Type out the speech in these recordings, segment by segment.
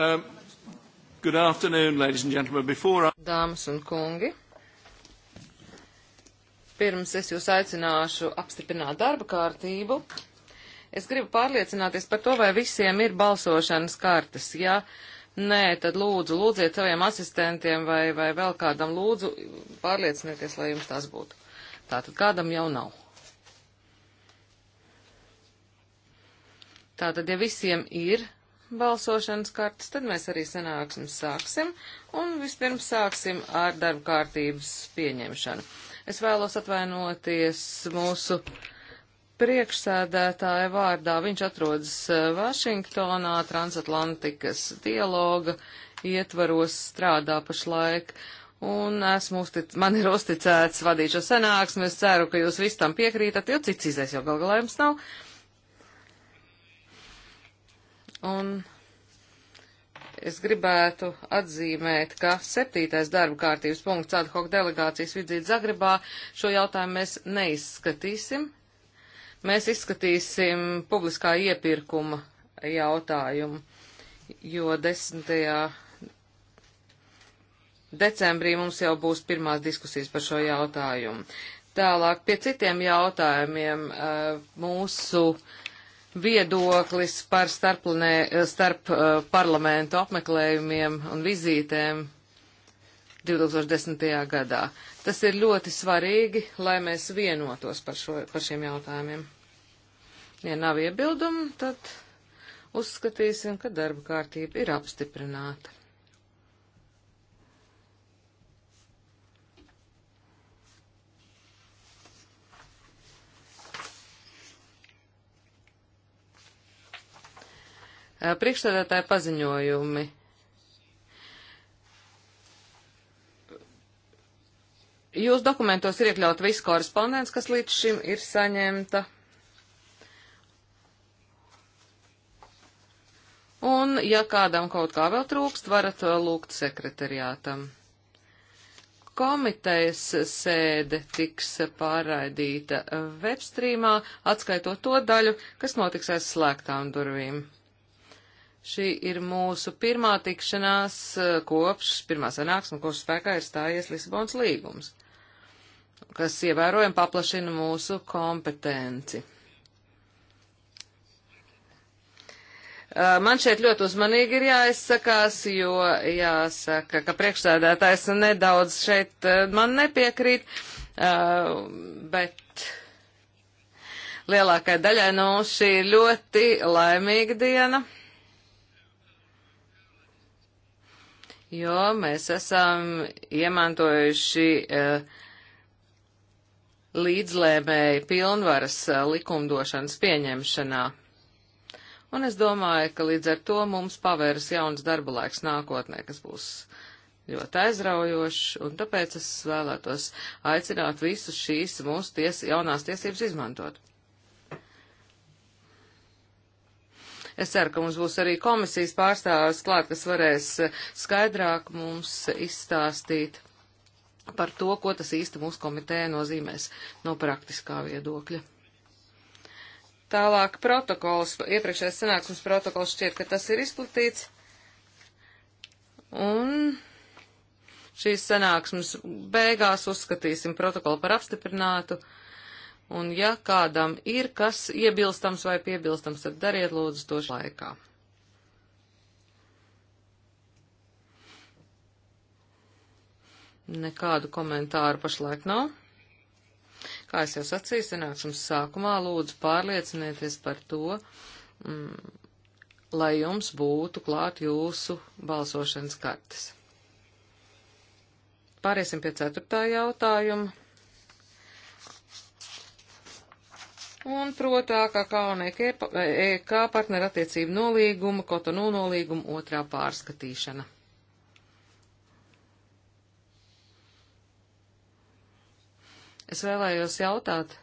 Um, good afternoon, ladies and gentlemen. Before I... Dāmas un kungi, pirms es jūs aicināšu apstiprināt darba kārtību, es gribu pārliecināties par to, vai visiem ir balsošanas kartes. Ja nē, tad lūdzu, lūdziet saviem asistentiem vai, vai vēl kādam lūdzu, pārliecinieties, lai jums tas būtu. Tātad kādam jau nav. Tātad, ja visiem ir balsošanas kartas, tad mēs arī sanāksim sāksim, un vispirms sāksim ar darba kārtības pieņemšanu. Es vēlos atvainoties mūsu priekšsēdētāja vārdā. Viņš atrodas eh, Vašingtonā, transatlantikas dialoga ietvaros strādā pašlaik, un esmu uztic, man ir uzticēts vadīt šo sanāksmi. Es ceru, ka jūs vis tam piekrītat, jo cits izēs jau gal galā jums nav. Un es gribētu atzīmēt, ka septītais darba kārtības punkts ad hoc delegācijas vidzīt Zagrebā šo jautājumu mēs neizskatīsim. Mēs izskatīsim publiskā iepirkuma jautājumu, jo 10. decembrī mums jau būs pirmās diskusijas par šo jautājumu. Tālāk pie citiem jautājumiem eh, mūsu viedoklis par starpplanē, starp eh, parlamentu apmeklējumiem un vizītēm 2010. gadā. Tas ir ļoti svarīgi, lai mēs vienotos par, šo, par šiem jautājumiem. Ja nav iebildumu, tad uzskatīsim, ka darba kārtība ir apstiprināta. Eh, Priekšstādātāja paziņojumi. Jūsu dokumentos ir iekļauta visu korespondents, kas līdz šim ir saņemta. Un, ja kādam kaut kā vēl trūkst, varat eh, lūgt sekretariātam. Komitejas sēde tiks pārraidīta eh, webstrīmā, atskaitot to daļu, kas notiks aiz slēgtām durvīm. Šī ir mūsu pirmā tikšanās eh, kopš, pirmā sanāksme, kopš spēkā ir stājies Lisabons līgums, kas ievērojami paplašina mūsu kompetenci. Eh, man šeit ļoti uzmanīgi ir jāizsakās, jo jāsaka, ka priekšsēdētājs nedaudz šeit eh, man nepiekrīt, bet lielākai daļai no šī ir ļoti laimīga diena. jo mēs esam iemantojuši uh, līdzlēmēji pilnvaras uh, likumdošanas pieņemšanā. Un es domāju, ka līdz ar to mums pavērs jauns darba laiks nākotnē, kas būs ļoti aizraujošs, un tāpēc es vēlētos aicināt visus šīs mūsu ties, jaunās tiesības izmantot. Es ceru, ka mums būs arī komisijas pārstāvis klāt, kas varēs eh, skaidrāk mums izstāstīt par to, ko tas īsti mūsu komitē nozīmēs no praktiskā viedokļa. Tālāk protokols, iepriekšējais sanāksmes protokols šķiet, ka tas ir izplatīts. Un šīs sanāksmes beigās uzskatīsim protokolu par apstiprinātu. Uh, un ja kādam ir kas iebilstams vai piebilstams, tad dariet lūdzu to laikā. Nekādu komentāru pašlaik nav. Kā es jau sacīju, sanāksmes sākumā lūdzu pārliecinieties par to, mm, lai jums būtu klāt jūsu balsošanas kartes. Pāriesim pie ceturtā jautājuma. un protākā kā un EK e partnerattiecību nolīguma, Kotonu nolīguma otrā pārskatīšana. Es vēlējos jautāt,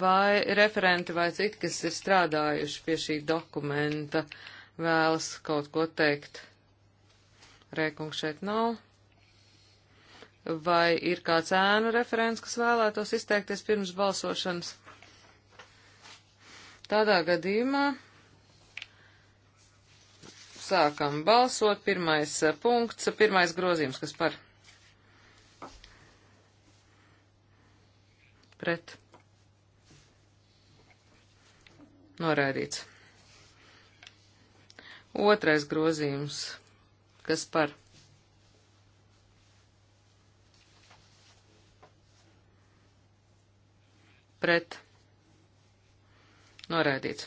vai referenti vai citi, kas ir strādājuši pie šī dokumenta, vēlas kaut ko teikt. Rēkungs šeit nav. Vai ir kāds ēnu referents, kas vēlētos izteikties pirms balsošanas? Tādā gadījumā sākam balsot. Pirmais eh, punkts, pirmais grozījums, kas par pret noraidīts. Otrais grozījums, kas par pret pret noraidīts.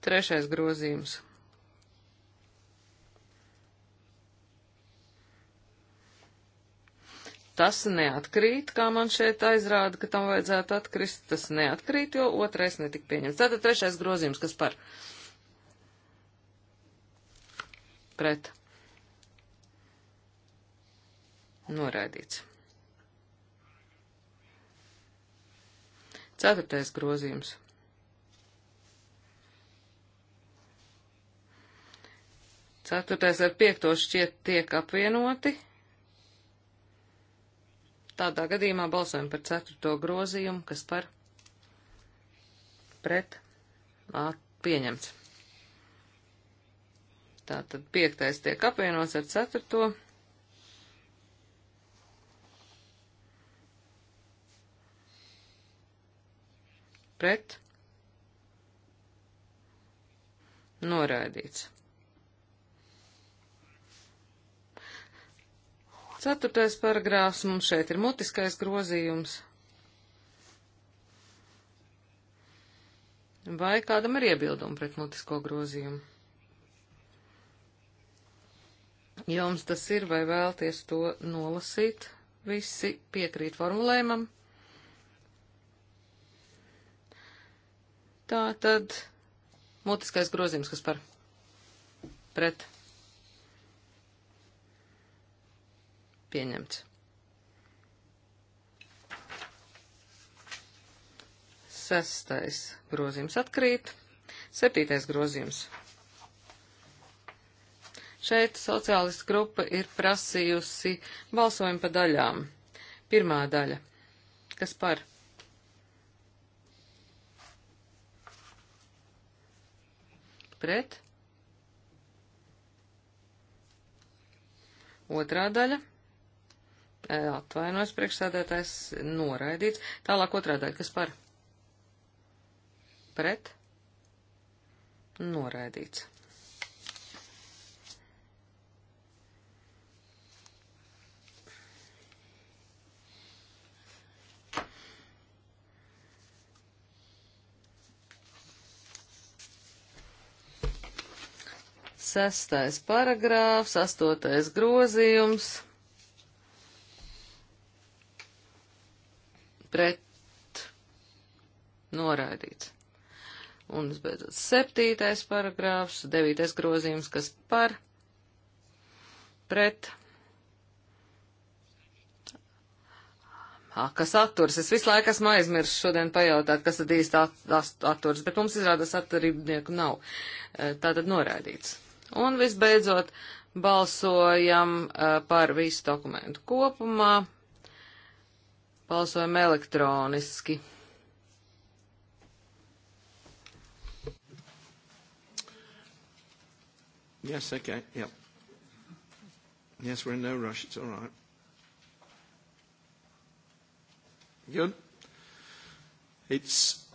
Trešais grozījums. Tas neatkrīt, kā man šeit aizrāda, ka tam vajadzētu atkrist. Tas neatkrīt, jo otrais netika pieņemts. Tātad trešais grozījums, kas par pret noraidīts. Ceturtais grozījums. Ceturtais ar piekto šķiet tiek apvienoti. Tādā gadījumā balsojam par ceturto grozījumu, kas par pret pieņemts. Tātad piektais tiek apvienots ar ceturto grozījumu pret, noraidīts. Ceturtais paragrāfs mums šeit ir mutiskais grozījums. Vai kādam ir iebildumi pret mutisko grozījumu? Jums tas ir, vai vēlties to nolasīt? Visi piekrīt formulējumam. Tā tad mutiskais grozījums, kas par pret pieņemts. 6. grozījums atkrīt, 7. grozījums. Šeit sociālistu grupa ir prasījusi balsojumu pa daļām. Pirmā daļa. Kas par? pret. Otrā daļa. E, Atvainojas priekšsēdētājs noraidīts. Tālāk otrā daļa, kas par? Pret. Noraidīts. Sestais paragrāfs, astotais grozījums. Pret noraidīts. Un visbeidzot, septītais paragrāfs, devītais grozījums, kas par pret. Ā, ah, kas atturs? Es visu laiku esmu aizmirsis šodien pajautāt, kas tad īsti at, at, atturs, bet mums izrādās atturībnieku nav. Eh, Tātad norādīts. Un visbeidzot, balsojam eh, par visu dokumentu kopumā. Balsojam elektroniski. Yes, okay, yep. Yes, we're in no rush, it's all right. Good. It's,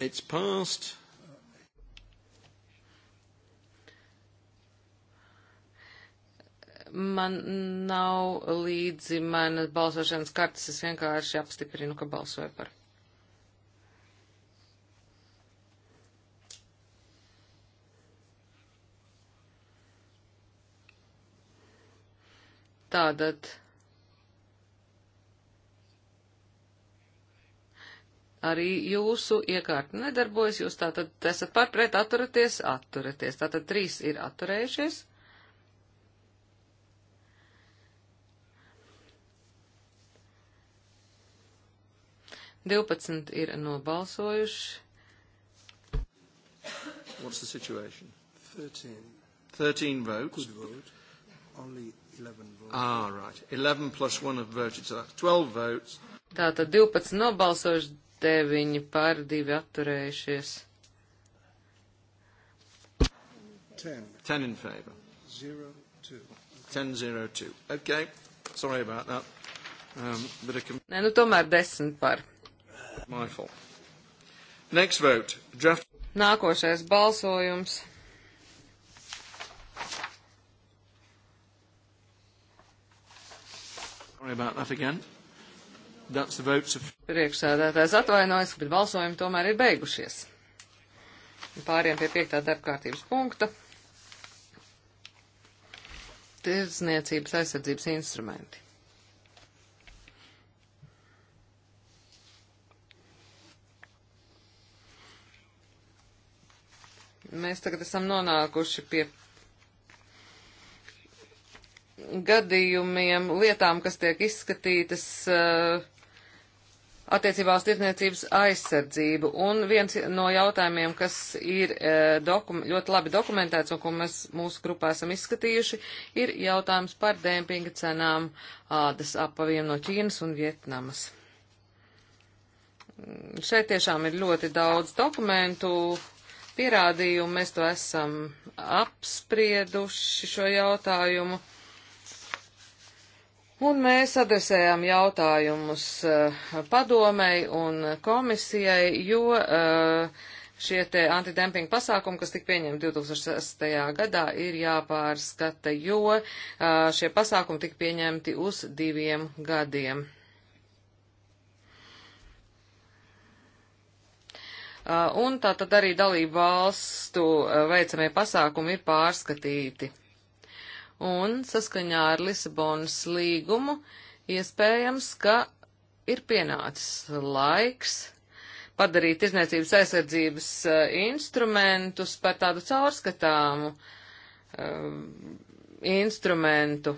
it's passed. Man nav līdzi mana balsošanas kartes, es vienkārši apstiprinu, ka balsoju par. Tātad arī jūsu iekārta nedarbojas, jūs tātad esat pārpret atturaties, atturaties. Tātad trīs ir atturējušies. 12 ir nobalsojuši. What's the situation? 13. 13 votes. Could vote. Only 11 votes. Ah, right. 11 plus 1 have voted, so that's 12 votes. Tātad 12 nobalsojuši, 9 pār 2 atturējušies. 10. 10 in favor. 0, 2. 10, 0, 2. Okay. Sorry about that. Um, Nē, nu tomēr 10 par. My fault. Next vote. Draft. Nākošais balsojums. Sorry about that again. That's the votes of... Priekšsēdētājs atvainojas, bet balsojumi tomēr ir beigušies. Pāriem pie piektā darbkārtības punkta. Tirdzniecības aizsardzības instrumenti. Mēs tagad esam nonākuši pie gadījumiem, lietām, kas tiek izskatītas uh, attiecībā uz tirdzniecības aizsardzību. Un viens no jautājumiem, kas ir uh, dokum, ļoti labi dokumentēts un ko mēs mūsu grupā esam izskatījuši, ir jautājums par dēmpinga cenām ādas apaviem no Ķīnas un Vietnamas. Šeit tiešām ir ļoti daudz dokumentu, pierādījumu, mēs to esam apsprieduši šo jautājumu. Un mēs adresējām jautājumus eh, padomei un komisijai, jo eh, šie te antidempinga pasākumi, kas tika pieņemti 2006. gadā, ir jāpārskata, jo eh, šie pasākumi tika pieņemti uz diviem gadiem. Uh, un tā tad arī dalību valstu uh, veicamie pasākumi ir pārskatīti. Un saskaņā ar Lisabonas līgumu iespējams, ka ir pienācis laiks padarīt izniecības aizsardzības uh, instrumentus par tādu caurskatāmu um, instrumentu.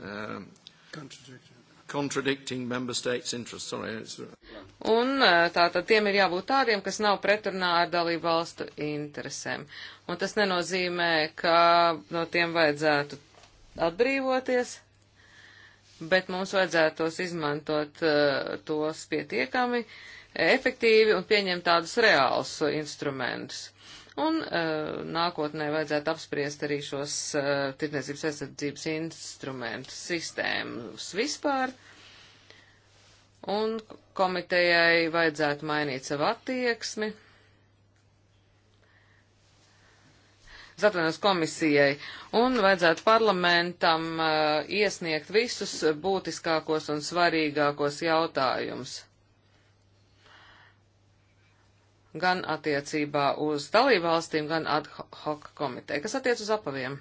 Um, Contradict contradicting member states' interests. Sorry, it's... Un tātad tiem ir jābūt tādiem, kas nav pretrunā ar dalību valstu interesēm. Un tas nenozīmē, ka no tiem vajadzētu atbrīvoties, bet mums vajadzētu tos izmantot tos pietiekami efektīvi un pieņemt tādus reālus instrumentus un uh, nākotnē vajadzētu apspriest arī šos uh, tirdzniecības aizsardzības instrumentu sistēmas vispār, un komitejai vajadzētu mainīt savu attieksmi. Zatvainos komisijai un vajadzētu parlamentam uh, iesniegt visus būtiskākos un svarīgākos jautājumus gan attiecībā uz dalībvalstīm, gan ad hoc komiteju, kas attiec uz apaviem.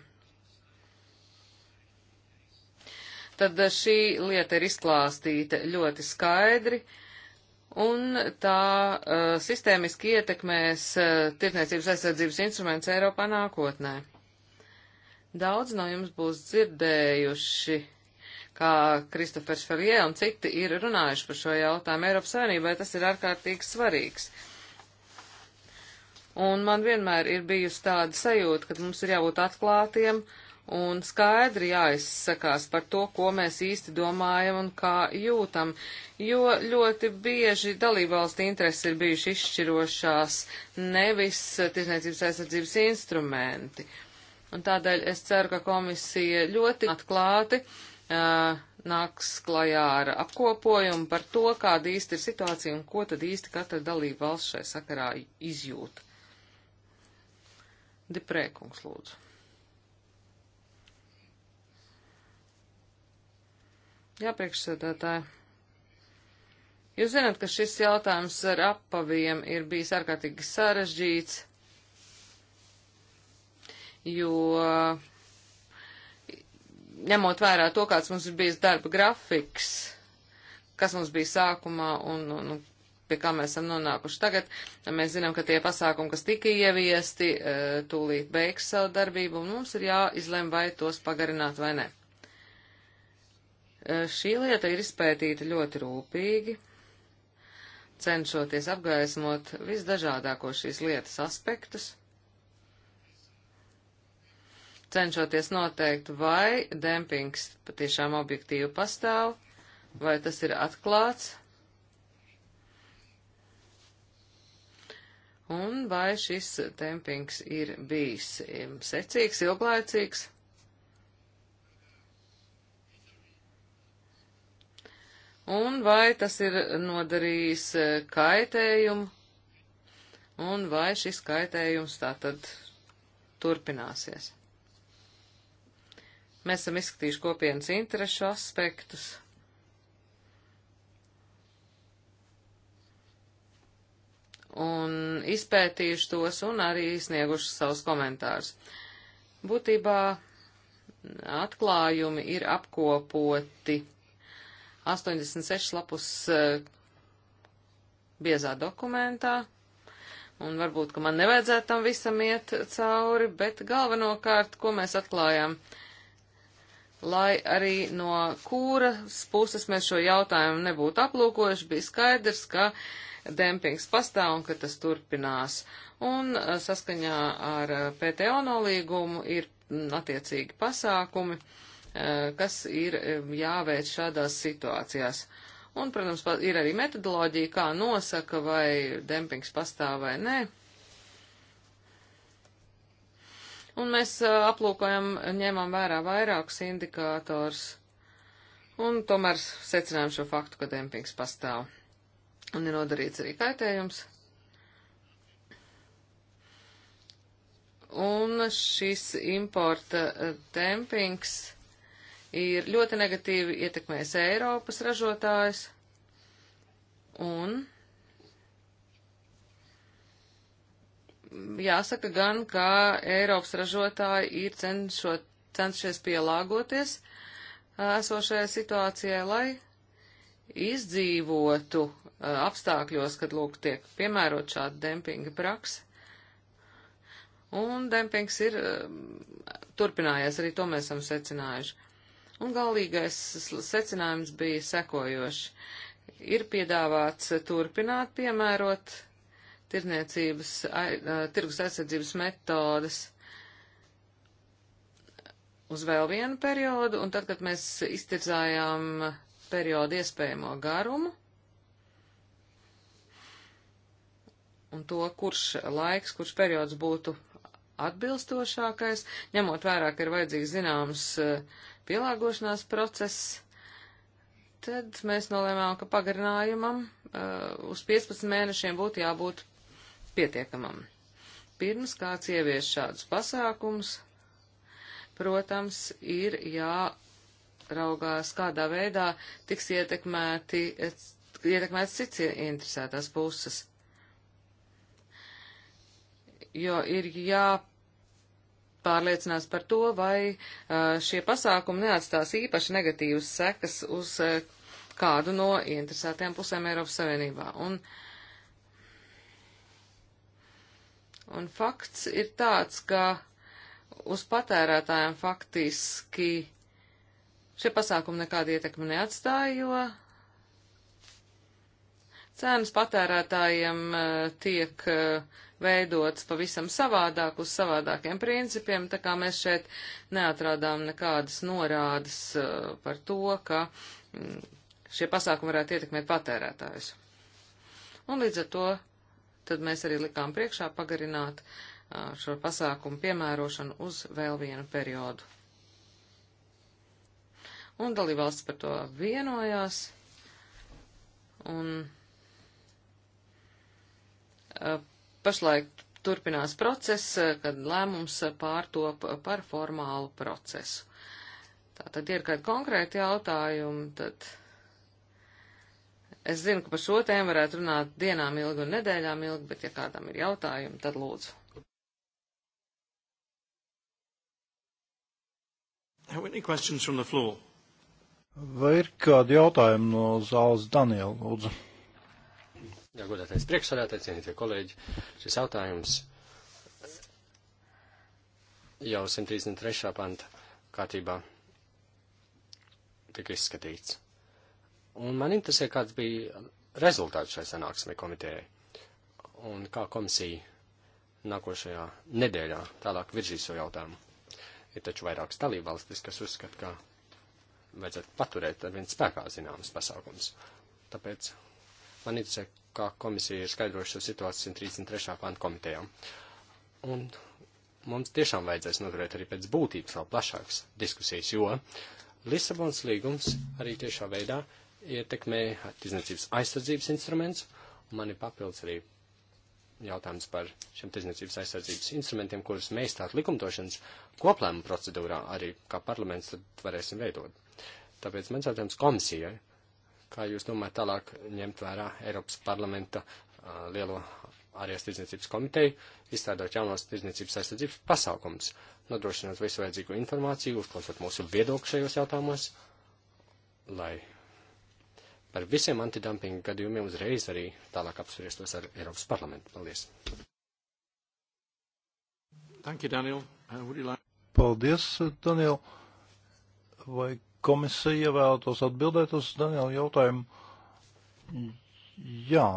Tad šī lieta ir izklāstīta ļoti skaidri, un tā uh, sistēmiski ietekmēs uh, tirtniecības aizsardzības instruments Eiropā nākotnē. Daudz no jums būs dzirdējuši kā Kristofers Ferjē un citi ir runājuši par šo jautājumu. Eiropas Savienībai tas ir ārkārtīgi svarīgs. Uh, Un man vienmēr ir bijusi tāda sajūta, ka mums ir jābūt atklātiem un skaidri jāizsakās par to, ko mēs īsti domājam un kā jūtam, jo ļoti bieži dalībvalsti intereses ir bijuši izšķirošās, nevis tirsniecības aizsardzības instrumenti. Un tādēļ es ceru, ka komisija ļoti atklāti uh, nāks klajā ar apkopojumu par to, kāda īsti ir situācija un ko tad īsti katra dalība valsts šai sakarā izjūta. Deprēkungs lūdzu. Jā, priekšsēdētāji. Jūs zināt, ka šis jautājums ar apaviem ir bijis ārkārtīgi sarežģīts, jo ņemot vērā to, kāds mums ir bijis darba grafiks, kas mums bija sākumā un, un, un pie kā mēs esam nonākuši tagad. Mēs zinām, ka tie pasākumi, kas tika ieviesti, eh, tūlīt beigs savu darbību, un mums ir jāizlem, vai tos pagarināt vai nē. Eh, šī lieta ir izpētīta ļoti rūpīgi, cenšoties apgaismot visdažādāko šīs lietas aspektus, cenšoties noteikt, vai dempings patiešām objektīvi pastāv, vai tas ir atklāts, un vai šis tempings ir bijis secīgs, ilglaicīgs. Un vai tas ir nodarījis eh, kaitējumu, un vai šis kaitējums tātad turpināsies. Mēs esam izskatījuši kopienas interešu aspektus. un izpētījuši tos un arī snieguši savus komentārus. Būtībā atklājumi ir apkopoti 86 lapus eh, biezā dokumentā, un varbūt, ka man nevajadzētu tam visam iet cauri, bet galvenokārt, ko mēs atklājām, lai arī no kūras puses mēs šo jautājumu nebūtu aplūkojuši, bija skaidrs, ka uh, dempings pastāv un ka tas turpinās. Un uh, saskaņā ar uh, PTO nolīgumu ir mm, attiecīgi pasākumi, uh, kas ir um, jāveic šādās situācijās. Un, protams, ir arī metodoloģija, kā nosaka, vai dempings pastāv vai nē. Un mēs aplūkojam, ņemam vērā vairākus indikātors un tomēr secinām šo faktu, ka dempings pastāv un ir nodarīts arī kaitējums. Un šis importa dempings eh, ir ļoti negatīvi ietekmējis Eiropas ražotājs un jāsaka gan, ka Eiropas ražotāji ir cenšot, cenšies pielāgoties eh, esošajai situācijai, lai izdzīvotu apstākļos, kad lūk tiek piemērot šāda dempinga praksa. Un dempings ir turpinājies, arī to mēs esam secinājuši. Un galīgais secinājums bija sekojoši. Ir piedāvāts turpināt piemērot tirniecības, tirgus aizsardzības metodas uz vēl vienu periodu, un tad, kad mēs iztirzājām periodu iespējamo garumu, un to, kurš laiks, kurš periods būtu atbilstošākais, ņemot vērā, ka ir vajadzīgs zināms eh, pielāgošanās process, tad mēs nolēmām, ka pagarinājumam eh, uz 15 mēnešiem būtu jābūt pietiekamam. Pirms kāds ievies šādus pasākums, protams, ir jāraugās, kādā veidā tiks ietekmēti, eh, ietekmēts cits interesētās puses jo ir jāpārliecinās par to, vai šie pasākumi neatstās īpaši negatīvas sekas uz kādu no interesētajām pusēm Eiropas Savienībā. Un, un fakts ir tāds, ka uz patērētājiem faktiski šie pasākumi nekādu ietekmi neatstāja, jo cenas patērētājiem tiek uh, veidots pavisam savādāk uz savādākiem principiem, tā kā mēs šeit neatrādām nekādas norādes eh, par to, ka mm, šie pasākumi varētu ietekmēt patērētājus. Un līdz ar to tad mēs arī likām priekšā pagarināt eh, šo pasākumu piemērošanu uz vēl vienu periodu. Un dalībvalsts par to vienojās, un eh, Pašlaik turpinās process, kad lēmums pārtop par formālu procesu. Tātad ir kādi konkrēti jautājumi, tad es zinu, ka par šo tēmu varētu runāt dienām ilgi un nedēļām ilgi, bet ja kādam ir jautājumi, tad lūdzu. Vai ir kādi jautājumi no zāles Daniela, lūdzu? Jā, godātais priekšsādātāji, cienītie kolēģi, šis jautājums jau 133. panta kārtībā tika izskatīts. Un man interesē, kāds bija rezultāts šai sanāksmē komitejai un kā komisija nākošajā nedēļā tālāk virzīs šo jautājumu. Ir taču vairākas dalībvalstis, kas uzskata, ka vajadzētu paturēt ar vien spēkā zināmas pasākums. Tāpēc Man interesē, kā komisija ir skaidrojuši šo situāciju 133. pantu komitejām. Un mums tiešām vajadzēs noturēt arī pēc būtības vēl plašākas diskusijas, jo Lisabons līgums arī tiešā veidā ietekmē tirdzniecības aizsardzības instruments, un man ir papildus arī jautājums par šiem tirdzniecības aizsardzības instrumentiem, kurus mēs tātad likumdošanas koplēmu procedūrā arī kā parlaments tad varēsim veidot. Tāpēc mans jautājums komisijai Kā jūs domājat tālāk ņemt vērā Eiropas parlamenta a, lielo ārējās tirdzniecības komiteju, izstrādot jaunos tirdzniecības aizsardzības pasākumus, nodrošinot visu vajadzīgo informāciju, uzklausot mūsu viedokļu šajos jautājumos, lai par visiem antidumpinga gadījumiem uzreiz arī tālāk apspriestos ar Eiropas parlamentu. Paldies! Thank you, Daniel. Uh, would you like... Paldies, Daniel. Vai komisija vēlētos atbildēt uz Daniela jautājumu. Jā.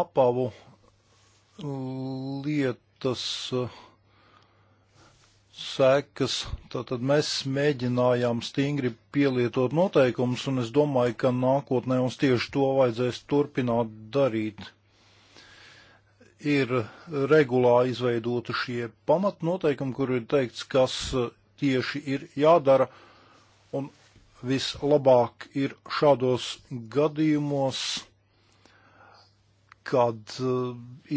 Apavu lietas sekas, tātad mēs mēģinājām stingri pielietot noteikumus, un es domāju, ka nākotnē mums tieši to vajadzēs turpināt darīt ir regulā izveidota šie pamatnoteikumi, kur ir teikts, kas tieši ir jādara, un vislabāk ir šādos gadījumos, kad eh,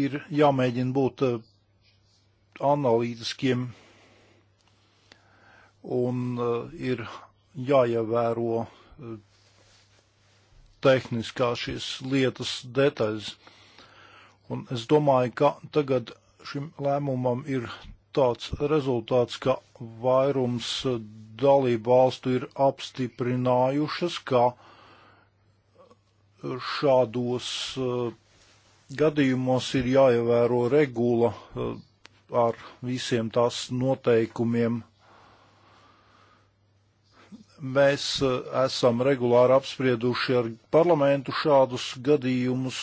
ir jāmēģina būt eh, analītiskiem un eh, ir jāievēro tehniskā šīs lietas detaļas. Un es domāju, ka tagad šim lēmumam ir tāds rezultāts, ka vairums dalību valstu ir apstiprinājušas, ka šādos eh, gadījumos ir jāievēro regula eh, ar visiem tās noteikumiem. Mēs eh, esam regulāri apsprieduši ar parlamentu šādus gadījumus,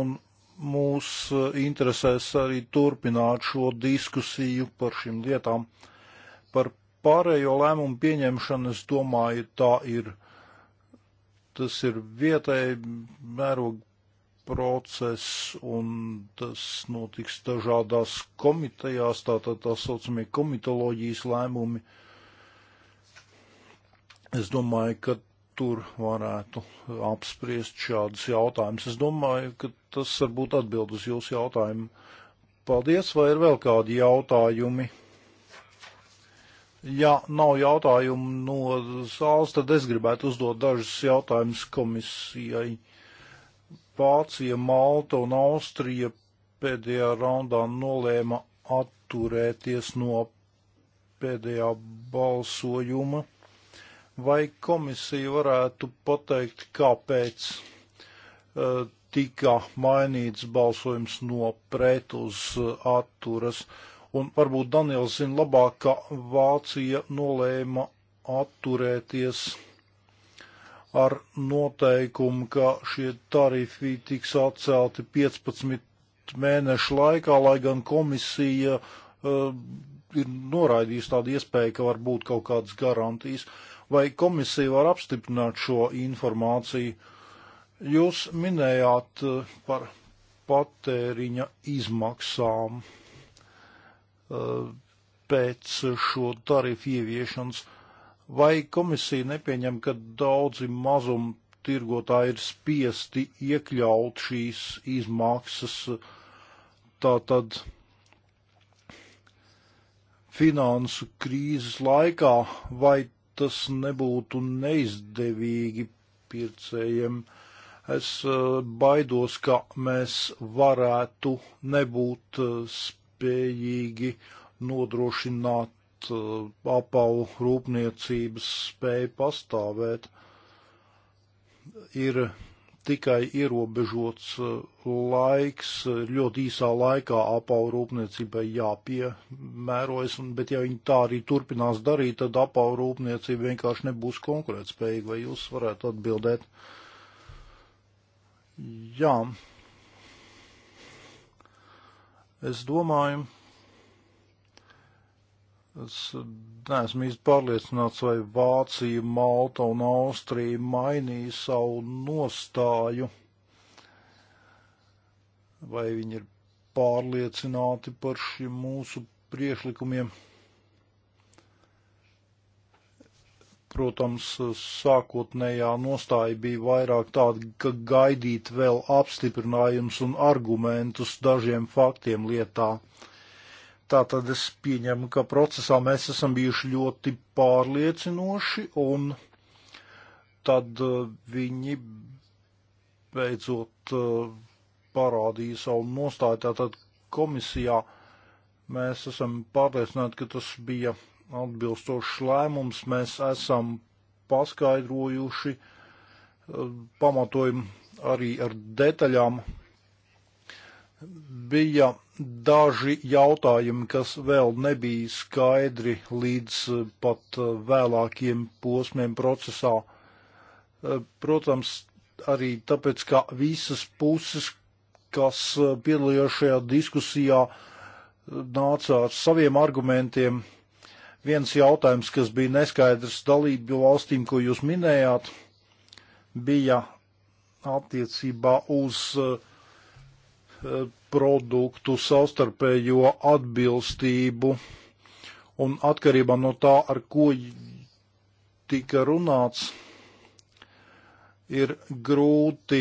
un mūs eh, interesēs arī turpināt šo diskusiju par šīm lietām. Par pārējo lēmumu pieņemšanu, es domāju, tā ir, tas ir vietēji mēroga process, un tas notiks dažādās komitejās, tātad tā, tā saucamie komitoloģijas lēmumi. Es domāju, ka tur varētu eh, apspriest šādus jautājumus. Es domāju, ka tas varbūt atbild uz jūsu jautājumu. Paldies, vai ir vēl kādi jautājumi? Ja nav jautājumu no zāles, tad es gribētu uzdot dažus jautājumus komisijai. Vācija, Malta un Austrija pēdējā raundā nolēma atturēties no pēdējā balsojuma Vai komisija varētu pateikt, kāpēc uh, tika mainīts balsojums no pret uz eh, atturas? Un varbūt Daniels zina labāk, ka Vācija nolēma atturēties ar noteikumu, ka šie tarifi tiks atcelti 15 mēnešu laikā, lai gan komisija uh, ir noraidījusi tādu iespēju, ka var būt kaut kādas garantijas. Uh, Vai komisija var apstiprināt šo informāciju? Jūs minējāt eh, par patēriņa izmaksām eh, pēc šo tarifu ieviešanas. Vai komisija nepieņem, ka daudzi mazumi tirgotāji ir spiesti iekļaut šīs izmaksas tātad finansu krīzes laikā, vai tas nebūtu neizdevīgi pircējiem. Es eh, baidos, ka mēs varētu nebūt eh, spējīgi nodrošināt eh, apavu rūpniecības spēju pastāvēt. Ir tikai ierobežots uh, laiks, uh, ļoti īsā laikā apavu rūpniecībai jāpiemērojas, bet ja viņi tā arī turpinās darīt, tad apavu rūpniecība vienkārši nebūs konkurētspējīga, vai jūs varētu atbildēt? Jā. Es domāju, Es neesmu īsti pārliecināts, vai Vācija, Malta un Austrija mainīja savu nostāju, vai viņi ir pārliecināti par šiem mūsu priešlikumiem. Protams, sākotnējā nostāja bija vairāk tāda, ka gaidīt vēl apstiprinājums un argumentus dažiem faktiem lietā. Uh, Tātad es pieņemu, ka procesā mēs esam bijuši ļoti pārliecinoši, un tad eh, viņi beidzot eh, parādīja savu nostāju. Tātad komisijā mēs esam pārliecināti, ka tas bija atbilstošs lēmums. Mēs esam paskaidrojuši eh, pamatojumu arī ar detaļām Bija daži jautājumi, kas vēl nebija skaidri līdz eh, pat eh, vēlākiem posmiem procesā. Eh, protams, arī tāpēc, ka visas puses, kas piedalījās šajā diskusijā, nāca ar saviem argumentiem. Viens jautājums, kas bija neskaidrs dalību valstīm, ko jūs minējāt, bija attiecībā uz uh, produktu savstarpējo atbilstību un atkarībā no tā, ar ko tika runāts, ir grūti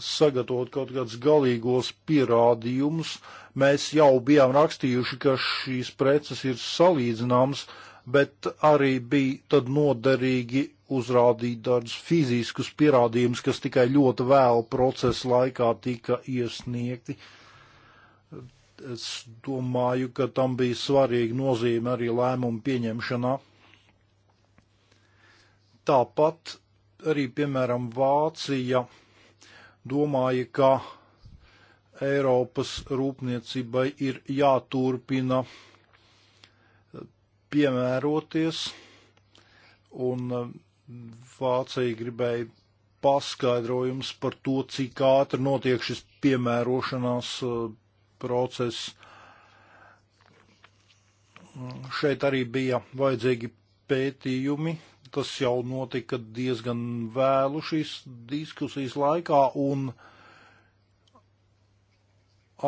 sagatavot kaut kādus galīgos pierādījumus. Mēs jau bijām rakstījuši, ka šīs preces ir salīdzināmas, bet arī bija tad noderīgi uzrādīt dažus fiziskus pierādījumus, kas tikai ļoti vēlu procesa laikā tika iesniegti. Es domāju, ka tam bija svarīga nozīme arī lēmumu pieņemšanā. Tāpat arī, piemēram, Vācija domāja, ka Eiropas rūpniecībai ir jāturpina piemēroties, un Vācija gribēja paskaidrojums par to, cik ātri notiek šis piemērošanās uh, process. Šeit arī bija vajadzīgi pētījumi. Tas jau notika diezgan vēlu šīs diskusijas laikā, un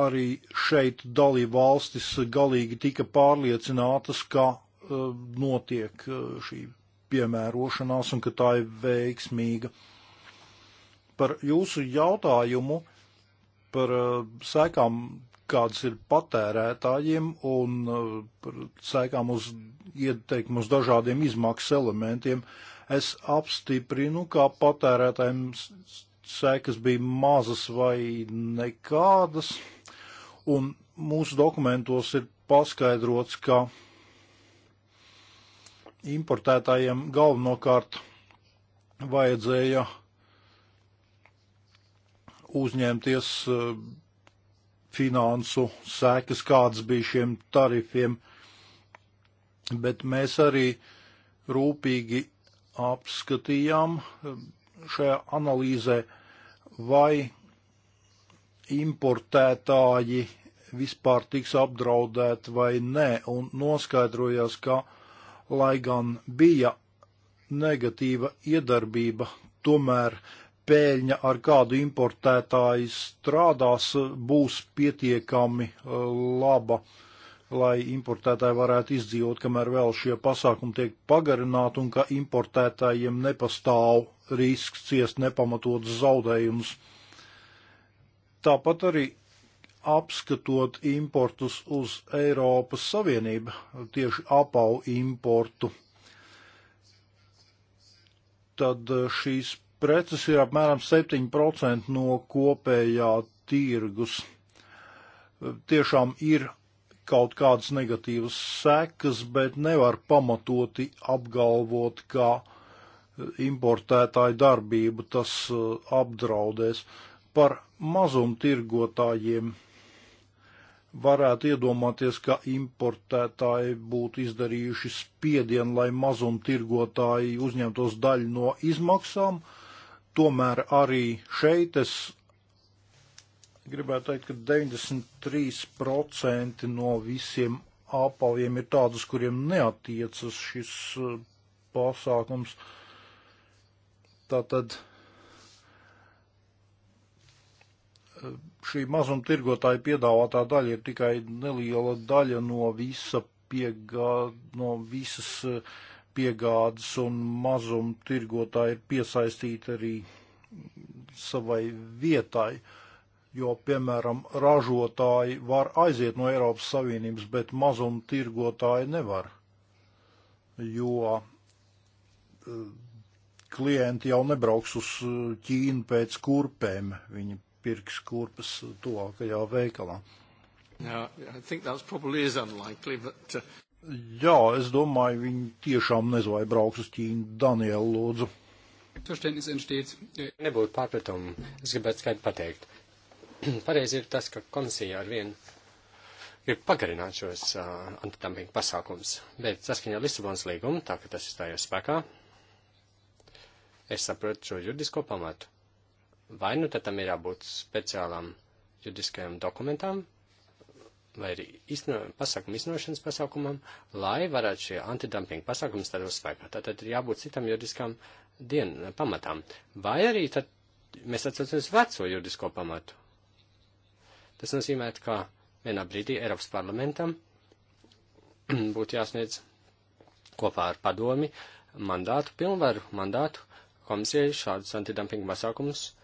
arī šeit dalība valstis galīgi tika pārliecinātas, ka uh, notiek uh, šī piemērošanās un ka tā ir veiksmīga. Par jūsu jautājumu par uh, sekām, kādas ir patērētājiem un uh, par sekām uz ieteikumu uz dažādiem izmaksu elementiem, es apstiprinu, ka patērētājiem sekas bija mazas vai nekādas, un mūsu dokumentos ir paskaidrots, ka importētājiem galvenokārt vajadzēja uzņemties eh, finansu sēkas, kādas bija šiem tarifiem, bet mēs arī rūpīgi apskatījām eh, šajā analīzē, vai importētāji vispār tiks apdraudēti vai nē, un noskaidrojās, ka lai gan bija negatīva iedarbība, tomēr pēļņa, ar kādu importētāji strādās, būs pietiekami eh, laba, lai importētāji varētu izdzīvot, kamēr vēl šie pasākumi tiek pagarināti un ka importētājiem nepastāv risks ciest nepamatotas zaudējumus. Tāpat arī apskatot importus uz Eiropas Savienību, tieši apau importu, tad eh, šīs preces ir apmēram 7% no kopējā tirgus. Eh, tiešām ir kaut kādas negatīvas sekas, bet nevar pamatoti apgalvot, ka eh, importētāju darbību tas apdraudēs. Par mazumtirgotājiem varētu iedomāties, ka importētāji būtu izdarījuši spiedienu, lai mazumtirgotāji uzņemtos daļu no izmaksām. Tomēr arī šeit es gribētu teikt, ka 93% no visiem apaviem ir tādas, kuriem neatiecas šis uh, pasākums. Tātad uh, šī mazumtirgotāja piedāvātā daļa ir tikai neliela daļa no, visa piegā, no visas eh, piegādes, un mazumtirgotāji ir piesaistīti arī savai vietai, jo, piemēram, ražotāji var aiziet no Eiropas Savienības, bet mazumtirgotāji nevar, jo eh, klienti jau nebrauks uz eh, Ķīnu pēc kurpēm, viņi pirkšu kurpes tuvākajā veikalā. No, unlikely, but... Uh, Jā, es domāju, viņi tiešām nezinu, vai brauks uz Ķīnu. Daniela, lūdzu. Nebūtu pārpratumu. Es gribētu skaidri pateikt. Pareizi ir tas, ka komisija ar vienu ir pagarināt šos uh, antidumpinga pasākums, bet saskaņā Lisabonas līgumu, tā ka tas izstājās spēkā, es saprotu šo juridisko pamatu. Vai nu tad tam ir jābūt speciālām juridiskajām dokumentām vai arī izno, pasākumu iznošanas pasākumam, lai varētu šie antidumpinga pasākumi stāties spēkā. Tātad ir jābūt citam juridiskām dienu pamatām. Vai arī tad mēs atcaucamies veco juridisko pamatu. Tas nozīmē, ka vienā brīdī Eiropas parlamentam būtu jāsniedz kopā ar padomi mandātu, pilnvaru mandātu komisijai šādus antidumpinga pasākumus uh,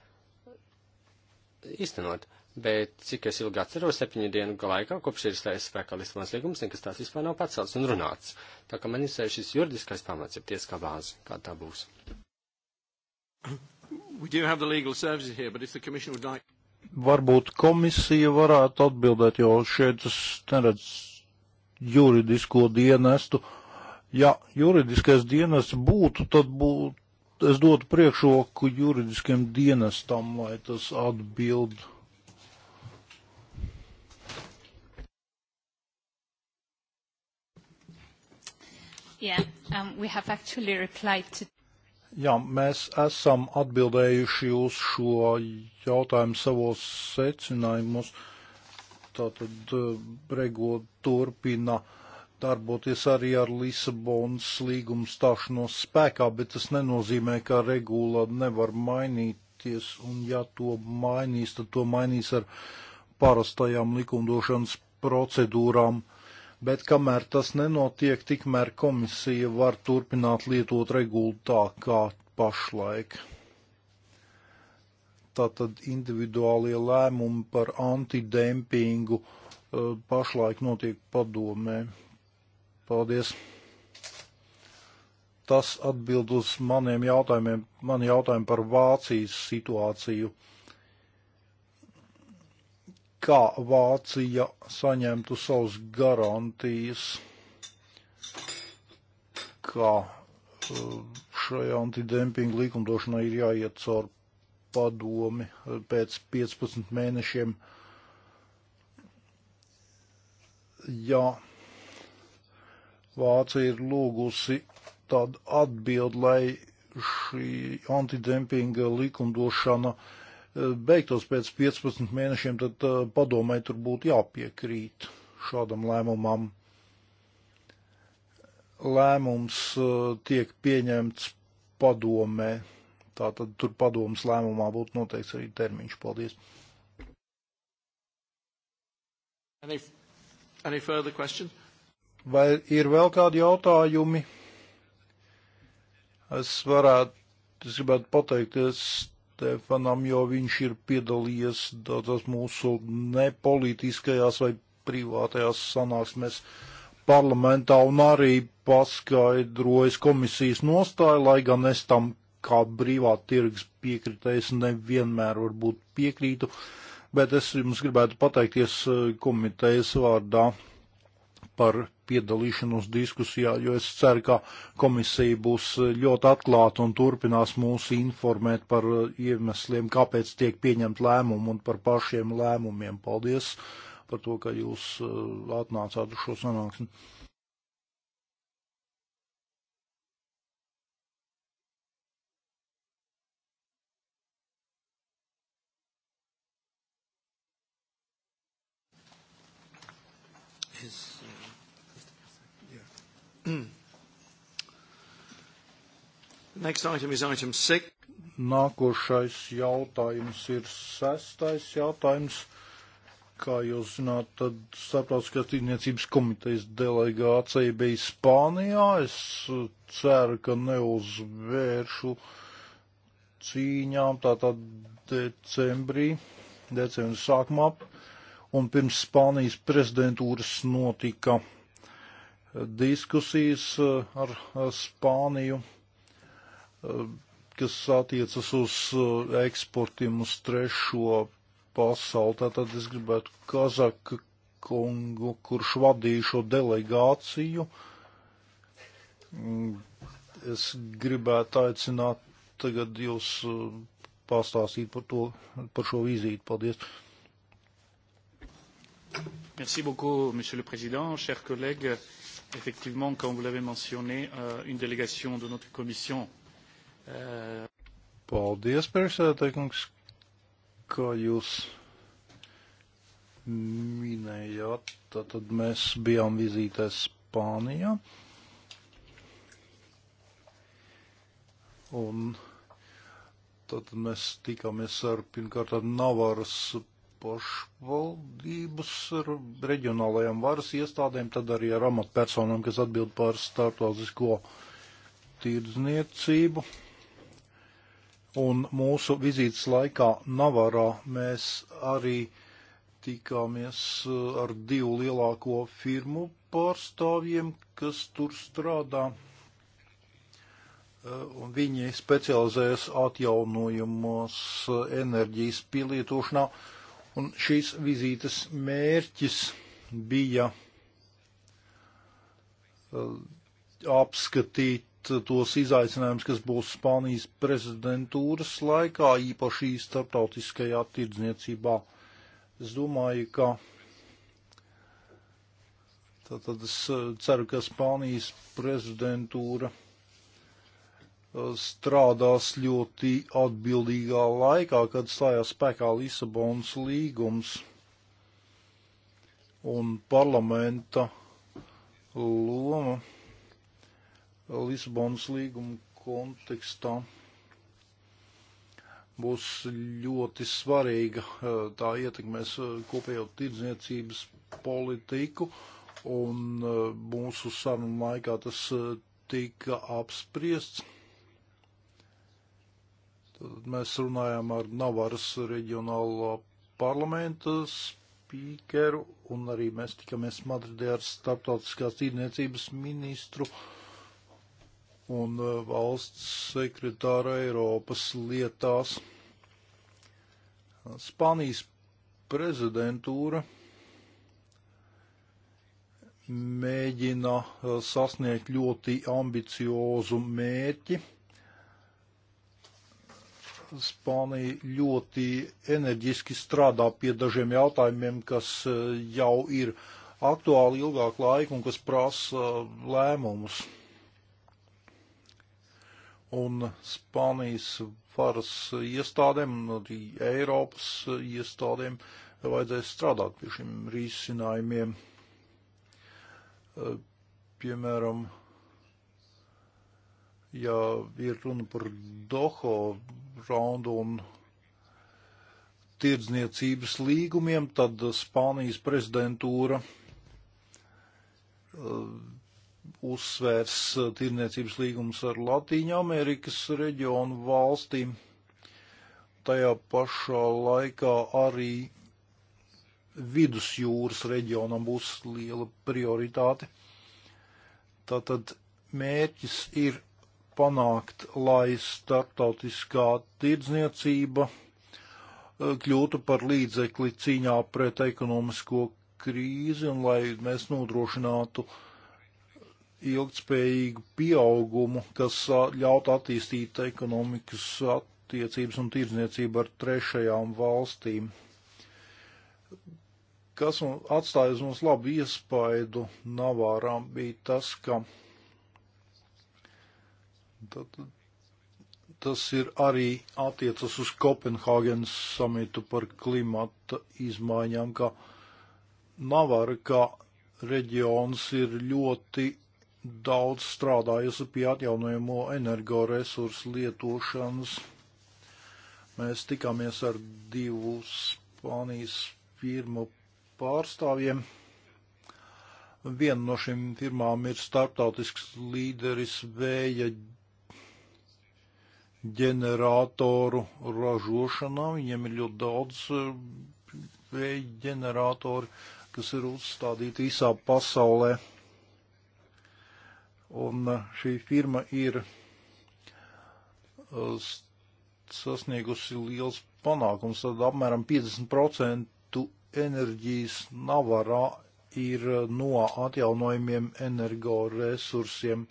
īstenot. Bet, cik es ilgi atceros, septiņu dienu laikā, kopš ir stājies spēkā Lisbonas līgums, nekas tās vispār nav pacelts un runāts. Tā ka man ir šis juridiskais pamats, ir tieskā bāze, kā tā būs. Here, like... Varbūt komisija varētu atbildēt, jo šeit es neredzu juridisko dienestu. Ja juridiskais dienests būtu, tad būtu es dotu priekšroku juridiskiem dienestam, lai tas atbild. Yeah, um, we have actually replied to Jā, mēs esam atbildējuši uz šo jautājumu savos secinājumos. Tātad uh, Brego turpina uh, darboties arī ar Lisabonas līgumu stāšanos spēkā, bet tas nenozīmē, ka regula nevar mainīties, un ja to mainīs, tad to mainīs ar parastajām likumdošanas procedūrām. Bet kamēr tas nenotiek, tikmēr komisija var turpināt lietot regulu tā kā pašlaik. Tātad individuālie lēmumi par antidempingu eh, pašlaik notiek padomē. Paldies. Tas atbild uz maniem jautājumiem, man jautājumu par Vācijas situāciju. Kā Vācija saņemtu savus garantijas, kā eh, šajā antidempinga likumdošanā ir jāiet caur padomi eh, pēc 15 mēnešiem. Jā. Ja Vācija ir lūgusi tādu atbildi, lai šī antidempinga likumdošana eh, beigtos pēc 15 mēnešiem, tad eh, padomē tur būtu jāpiekrīt šādam lēmumam. Lēmums eh, tiek pieņemts padomē, tātad tur padomas lēmumā būtu noteikts arī termiņš. Paldies. Any, any further questions? Vai ir vēl kādi jautājumi? Es varētu, es gribētu pateikties Stefanam, jo viņš ir piedalījies tādās mūsu nepolitiskajās vai privātajās sanāksmēs parlamentā un arī paskaidrojas komisijas nostāju, lai gan es tam kā brīvā tirgus piekritējs nevienmēr varbūt piekrītu, bet es jums gribētu pateikties eh, komitejas vārdā par piedalīšanos diskusijā, jo es ceru, ka komisija būs ļoti atklāta un turpinās mūs informēt par uh, iemesliem, kāpēc tiek pieņemt lēmumu un par pašiem lēmumiem. Paldies par to, ka jūs uh, atnācāt uz šo sanāksmi. Hmm. Next item is item six. Nākošais jautājums ir sestais jautājums. Kā jūs zināt, tad starptautiskās tīrniecības komitejas delegācija bija Spānijā. Es ceru, ka neuzvēršu cīņām tātad decembrī, decembris sākumā, un pirms Spānijas prezidentūras notika diskusijas eh, ar Spāniju, eh, kas attiecas uz eh, eksportiem uz trešo pasauli. Tātad es gribētu Kazaku kungu, kurš vadīja šo delegāciju. Mm, es gribētu aicināt tagad jūs pastāstīt par, to, par šo vizīti. Paldies! Merci beaucoup, Monsieur le Président, chers collègues. Effectivement, comme vous l'avez mentionné, euh, une délégation de notre commission. Euh... Paldies, priekšsēdētāj kungs, kā jūs minējāt, tad mēs bijām vizītē Spānijā. Un tad mēs tikāmies ar pirmkārt ar Navaras pašvaldības, ar reģionālajām varas iestādēm, tad arī ar amatpersonām, kas atbild par startautisko tirdzniecību. Un mūsu vizītes laikā Navarā mēs arī tikāmies uh, ar divu lielāko firmu pārstāvjiem, kas tur strādā. Uh, un viņi specializējas atjaunojumos uh, enerģijas pielietošanā. Uh, Un šīs vizītes mērķis bija eh, apskatīt tos izaicinājumus, kas būs Spānijas prezidentūras laikā, īpaši starptautiskajā tirdzniecībā. Es domāju, ka tad es eh, ceru, ka Spānijas prezidentūra strādās ļoti atbildīgā laikā, kad stājās spēkā Lisabonas līgums un parlamenta loma Lisabonas līguma kontekstā būs ļoti svarīga. Tā ietekmēs eh, kopējo tirdzniecības politiku un eh, mūsu sarunu laikā tas eh, tika apspriests mēs runājām ar Navaras reģionālo parlamentu spīkeru, un arī mēs tikāmies Madridē ar starptautiskās tīrniecības ministru un uh, valsts sekretāra Eiropas lietās. Spānijas prezidentūra mēģina uh, sasniegt ļoti ambiciozu mērķi Spānija ļoti enerģiski strādā pie dažiem jautājumiem, kas e, jau ir aktuāli ilgāku laiku un kas prasa e, lēmumus. Un Spānijas varas iestādēm un arī Eiropas iestādēm vajadzēs strādāt pie šiem risinājumiem. E, piemēram, ja ir runa par Doho raundu un tirdzniecības līgumiem, tad Spānijas prezidentūra uh, uzsvērs uh, tirdzniecības līgumus ar Latīņu Amerikas reģionu valstīm. Tajā pašā laikā arī vidusjūras reģionam būs liela prioritāte. Tātad mērķis ir panākt, lai starptautiskā tirdzniecība eh, kļūtu par līdzekli cīņā pret ekonomisko krīzi un lai mēs nodrošinātu ilgtspējīgu pieaugumu, kas ļautu attīstīt ekonomikas attiecības un tirdzniecību ar trešajām valstīm kas atstāja uz mums labu iespaidu Navārā, bija tas, ka Tad, tas ir arī attiecas uz Kopenhāgenes samitu par klimata izmaiņām, ka Navara, kā reģions, ir ļoti daudz strādājusi pie atjaunojamo energoresursu lietošanas. Mēs tikāmies ar divu Spānijas firmu pārstāvjiem. Viena no šīm firmām ir starptautisks līderis vēja ģeneratoru ražošanā. Viņiem ir ļoti daudz eh, vēja ģeneratori, kas ir uzstādīti visā pasaulē. Un eh, šī firma ir eh, sasniegusi liels panākums. Tad apmēram 50% enerģijas navarā ir no atjaunojumiem energoresursiem. Uh,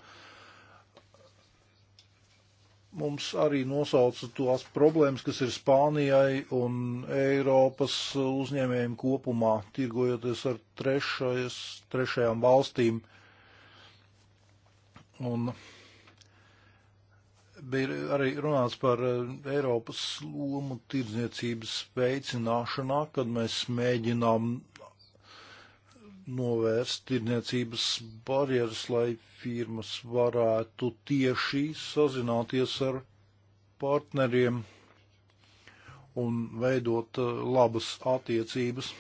mums arī nosauca tās problēmas, kas ir Spānijai un Eiropas uzņēmējiem kopumā, tirgojoties ar trešais, trešajām valstīm. Un bija arī runāts par eh, Eiropas lomu tirdzniecības veicināšanā, kad mēs mēģinām novērst tirniecības barjeras, lai firmas varētu tieši sazināties ar partneriem un veidot eh, labas attiecības.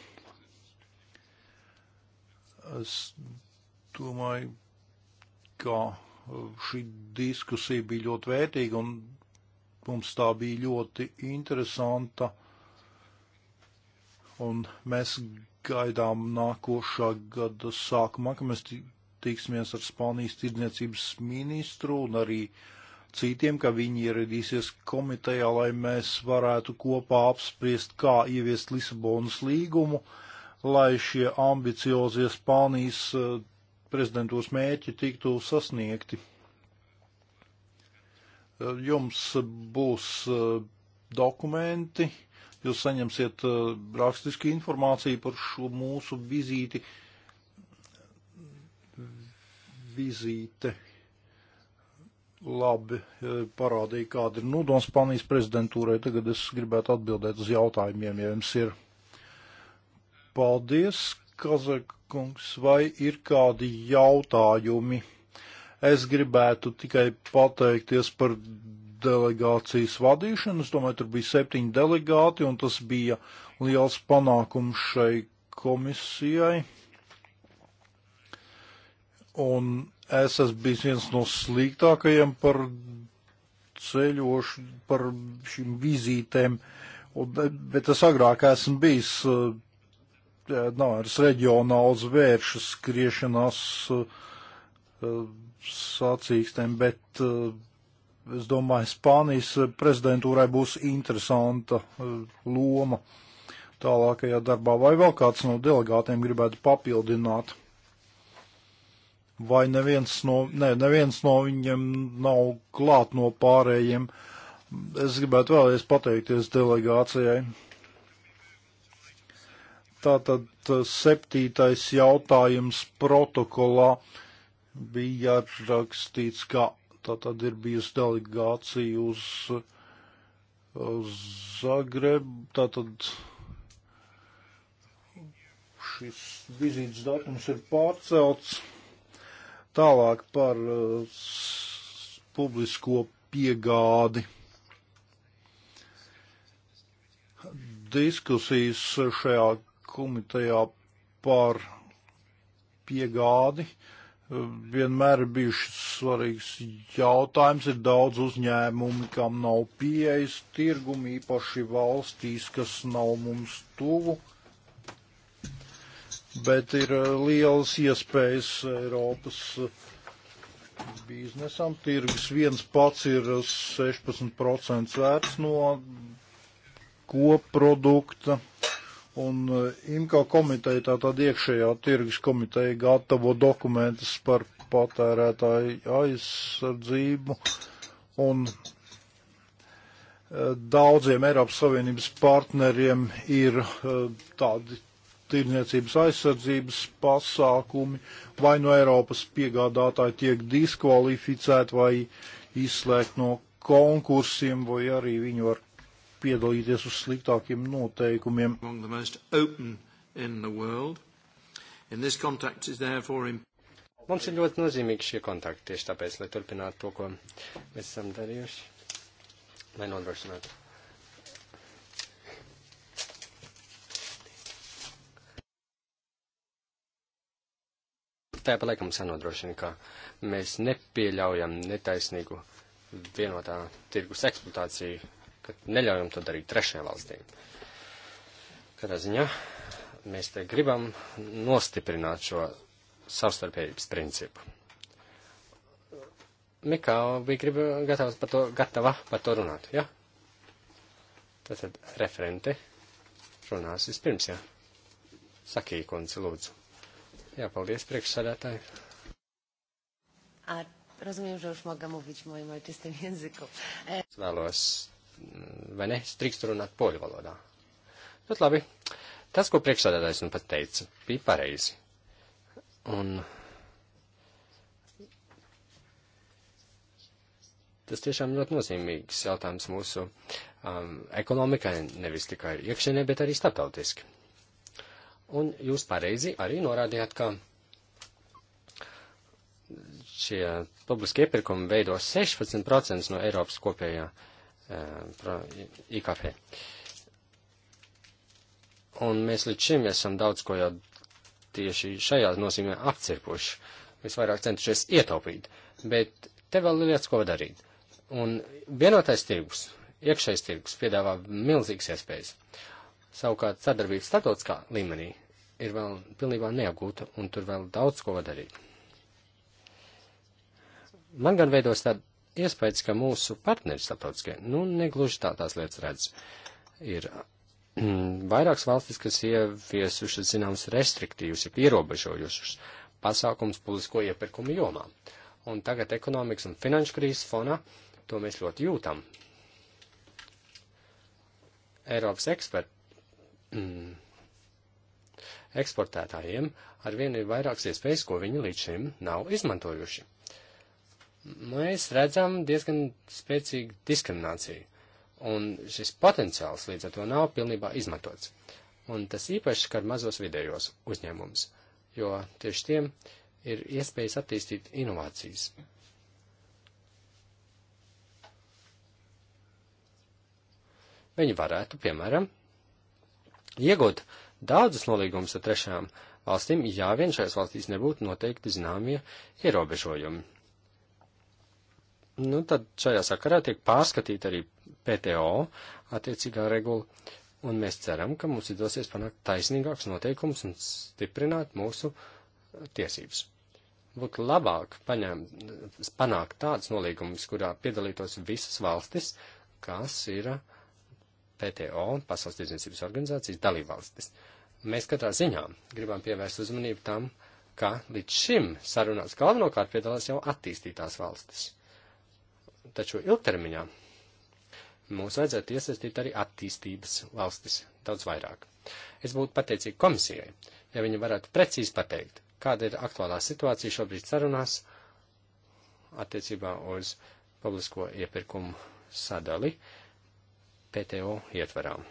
Es domāju, ka eh, šī diskusija bija ļoti vērtīga un mums tā bija ļoti interesanta. Un mēs gaidām nākošā gada sākumā, ka mēs tiksimies ar Spānijas tirdzniecības ministru un arī citiem, ka viņi ieradīsies komitejā, lai mēs varētu kopā apspriest, kā ieviest Lisabonas līgumu, lai šie ambiciozie Spānijas eh, prezidentos mēķi tiktu sasniegti. Eh, jums būs eh, dokumenti Jūs saņemsiet e, rakstiski informāciju par šo mūsu vizīti. Vizīte labi e, parādīja, kāda ir nodoma Spānijas prezidentūrai. Tagad es gribētu atbildēt uz jautājumiem, ja jums ir. Paldies, Kazakungs, vai ir kādi jautājumi? Es gribētu tikai pateikties par delegācijas vadīšanu. Es domāju, tur bija septiņi delegāti, un tas bija liels panākums šai komisijai. Un es esmu bijis viens no sliktākajiem par ceļošu, par šīm vizītēm, un, bet es agrāk esmu bijis eh, eh, Nāras reģionāls vēršas skriešanās eh, sacīkstēm, bet es domāju, Spānijas prezidentūrai būs interesanta e, loma tālākajā darbā. Vai vēl kāds no delegātiem gribētu papildināt? Vai neviens no, ne, neviens no viņiem nav klāt no pārējiem? Es gribētu vēlreiz pateikties delegācijai. Tātad e, septītais jautājums protokolā bija rakstīts, ka tā tad ir bijusi delegācija uz, uz Zagrebu, tā tad šis vizītes datums ir pārcelts tālāk par uh, publisko piegādi. Diskusijas šajā komitejā par piegādi uh, vienmēr ir bijušas svarīgs jautājums. Ir daudz uzņēmumu, kam nav pieejas tirgumi, īpaši valstīs, kas nav mums tuvu. Bet ir eh, liels iespējas Eiropas eh, biznesam. Tirgus viens pats ir 16% vērts no koprodukta. produkta Un eh, IMCO komiteja, tātad iekšējā tirgus komiteja, gatavo dokumentus par patērētāju aizsardzību. Un eh, daudziem Eiropas Savienības partneriem ir eh, tādi tirniecības aizsardzības pasākumi, vai no Eiropas piegādātāji tiek diskvalificēti vai izslēgt no konkursiem, vai arī viņi var piedalīties uz sliktākiem noteikumiem. Mums ir ļoti nozīmīgi šie kontakti, tieši tāpēc, lai turpinātu to, ko mēs esam darījuši, lai nodrošinātu. Tāpat laikam sanodrošina, ka mēs nepieļaujam netaisnīgu vienotā tirgus eksploatāciju ka neļaujam to darīt trešajām valstīm. Kādā ziņā mēs te gribam nostiprināt šo savstarpējības principu. Mikā bija griba gatavs par to, gatava par to runāt, jā? Ja? Tātad referente runās vispirms, jā. Ja? Sakīja, kundze, lūdzu. Jā, paldies, priekšsādātāji. Ar, rozumiem, že už mogę mówić w moim ojczystym języku. E... Vēlos vai ne, strikstu runāt poļu valodā. Bet labi, tas, ko priekšsādātājs man pat teica, bija pareizi. Un tas tiešām ļoti nozīmīgs jautājums mūsu um, ekonomikai, nevis tikai iekšēnē, bet arī starptautiski. Un jūs pareizi arī norādījāt, ka šie publiskie iepirkumi veido 16% no Eiropas kopējā uh, IKP. Un mēs līdz šim esam daudz ko jau tieši šajā nozīmē apcirpuši, visvairāk centušies ietaupīt, bet te vēl ir lietas, ko darīt. Un vienotais tirgus, iekšējais tirgus piedāvā milzīgas iespējas. Savukārt sadarbības starptautiskā līmenī ir vēl pilnībā neapgūta, un tur vēl daudz ko darīt. Man gan veidos tāda iespējas, ka mūsu partneri starptautiskie, nu, negluži tā tās lietas redz. Ir vairākas valstis, kas ieviesušas zināmas restriktīvas, ir ierobežojušas pasākums publisko iepirkumu jomā. Un tagad ekonomikas un finanšu krīzes fonā to mēs ļoti jūtam. Eiropas eksperti, mm, eksportētājiem ar vienu ir vairākas iespējas, ko viņi līdz šim nav izmantojuši mēs redzam diezgan spēcīgu diskrimināciju, un šis potenciāls līdz ar to nav pilnībā izmantots. Un tas īpaši skar mazos vidējos uzņēmumus, jo tieši tiem ir iespējas attīstīt inovācijas. Viņi varētu, piemēram, iegūt daudzus nolīgumus ar trešām valstīm, ja vien šajās valstīs nebūtu noteikti zināmie ierobežojumi. Nu, tad šajā sakarā tiek pārskatīta arī PTO attiecīgā regula, un mēs ceram, ka mums izdosies panākt taisnīgāks noteikums un stiprināt mūsu eh, tiesības. Būtu labāk paņemt, panākt tāds nolīgums, kurā piedalītos visas valstis, kas ir eh, PTO, Pasaules tirdzniecības organizācijas dalībvalstis. Mēs katrā ziņā gribam pievērst uzmanību tam, ka līdz šim sarunās galvenokārt piedalās jau attīstītās valstis. Taču ilgtermiņā mums vajadzētu iesaistīt arī attīstības valstis daudz vairāk. Es būtu pateicīgi komisijai, ja viņi varētu precīzi pateikt, kāda ir aktuālā situācija šobrīd sarunās attiecībā uz publisko iepirkumu sadali PTO ietvarām.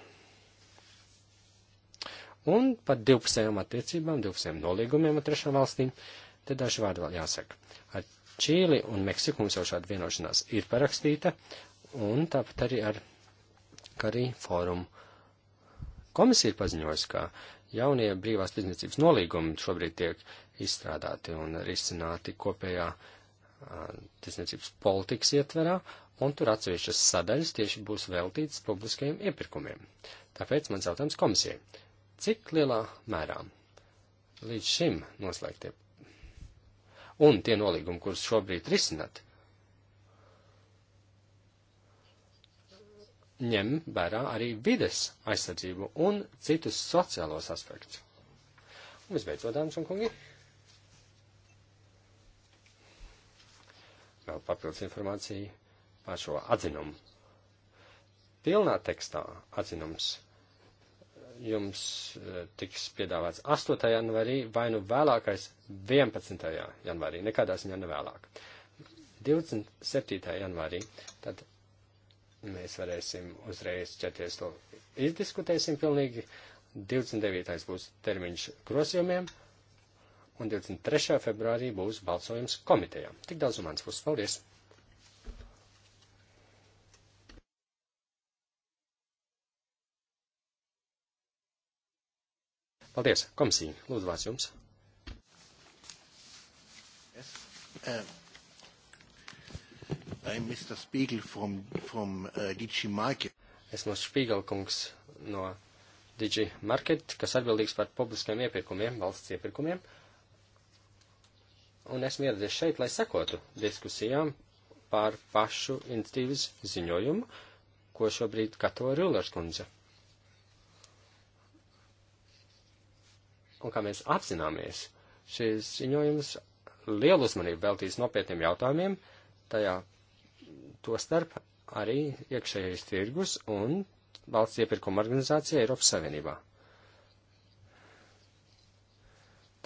Un par divpusējām attiecībām, divpusējām nolīgumiem ar trešām valstīm, te daži vārdi vēl jāsaka. Ar Čīli un Meksika mums jau šāda vienošanās ir parakstīta, un tāpat arī ar Karī fórumu. Komisija ir paziņojusi, ka jaunie brīvās tirdzniecības nolīgumi šobrīd tiek izstrādāti un risināti kopējā tirdzniecības politikas ietverā, un tur atsevišķas sadaļas tieši būs veltītas publiskajiem iepirkumiem. Tāpēc mans jautājums komisijai. Cik lielā mērā līdz šim noslēgtie un tie nolīgumi, kurus šobrīd risinat, ņem vērā arī vides aizsardzību un citus sociālos aspektus. Un visbeidzot, dāmas un kungi, vēl papildus informācija par šo atzinumu. Pilnā tekstā atzinums jums eh, tiks piedāvāts 8. janvarī vai nu vēlākais 11. janvarī, nekādā ziņā nevēlāk. 27. janvarī, tad mēs varēsim uzreiz ķerties to izdiskutēsim pilnīgi. 29. būs termiņš grozījumiem, un 23. februārī būs balsojums komitejām. Tik daudz no manas puses. Paldies! Paldies, komisija. Lūdzu, vārds jums. Yes. Um. I'm Mr. Spiegel from, from uh, DG Market. Esmu Spiegelkungs no DG Market, kas atbildīgs par publiskiem iepirkumiem, valsts iepirkumiem. Un esmu ieradies šeit, lai sekotu diskusijām par pašu institīvas ziņojumu, ko šobrīd gatavo Rulers kundze. un kā mēs apzināmies, šis ziņojums lielu uzmanību veltīs nopietniem jautājumiem, tajā to starp arī iekšējais tirgus un valsts iepirkuma organizācija Eiropas Savienībā.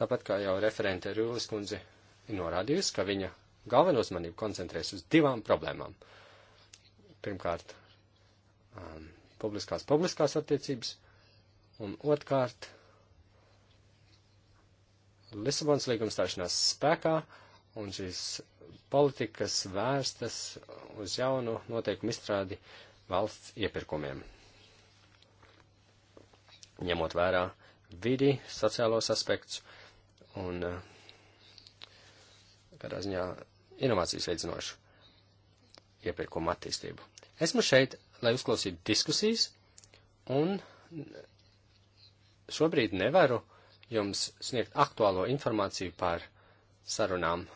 Tāpat kā jau referente Rūlis kundze ir norādījusi, ka viņa galveno uzmanību koncentrēs uz divām problēmām. Pirmkārt, um, publiskās publiskās attiecības, un otrkārt, Lisabonas līguma stāšanās spēkā un šīs politikas vērstas uz jaunu noteikumu izstrādi valsts iepirkumiem. Ņemot vērā vidi, sociālos aspektus un eh, kādā ziņā inovācijas veicinošu iepirkumu attīstību. Esmu šeit, lai uzklausītu diskusijas, un šobrīd nevaru uh, jums sniegt aktuālo informāciju par sarunām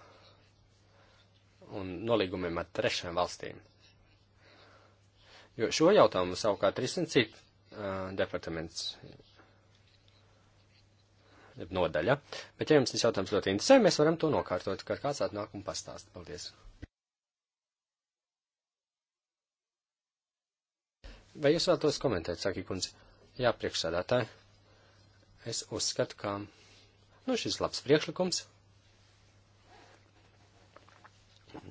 un nolīgumiem ar trešajām valstīm. Jo šo jautājumu savukārt risina cita uh, departaments nodaļa. Bet, ja jums šis jautājums ļoti interesē, mēs varam to nokārtot, kad kāds atnāk un pastāst. Paldies! Vai jūs vēlatos komentēt, saka kundze? Jā, priekšsādātāji es uzskatu, ka nu, šis labs priekšlikums.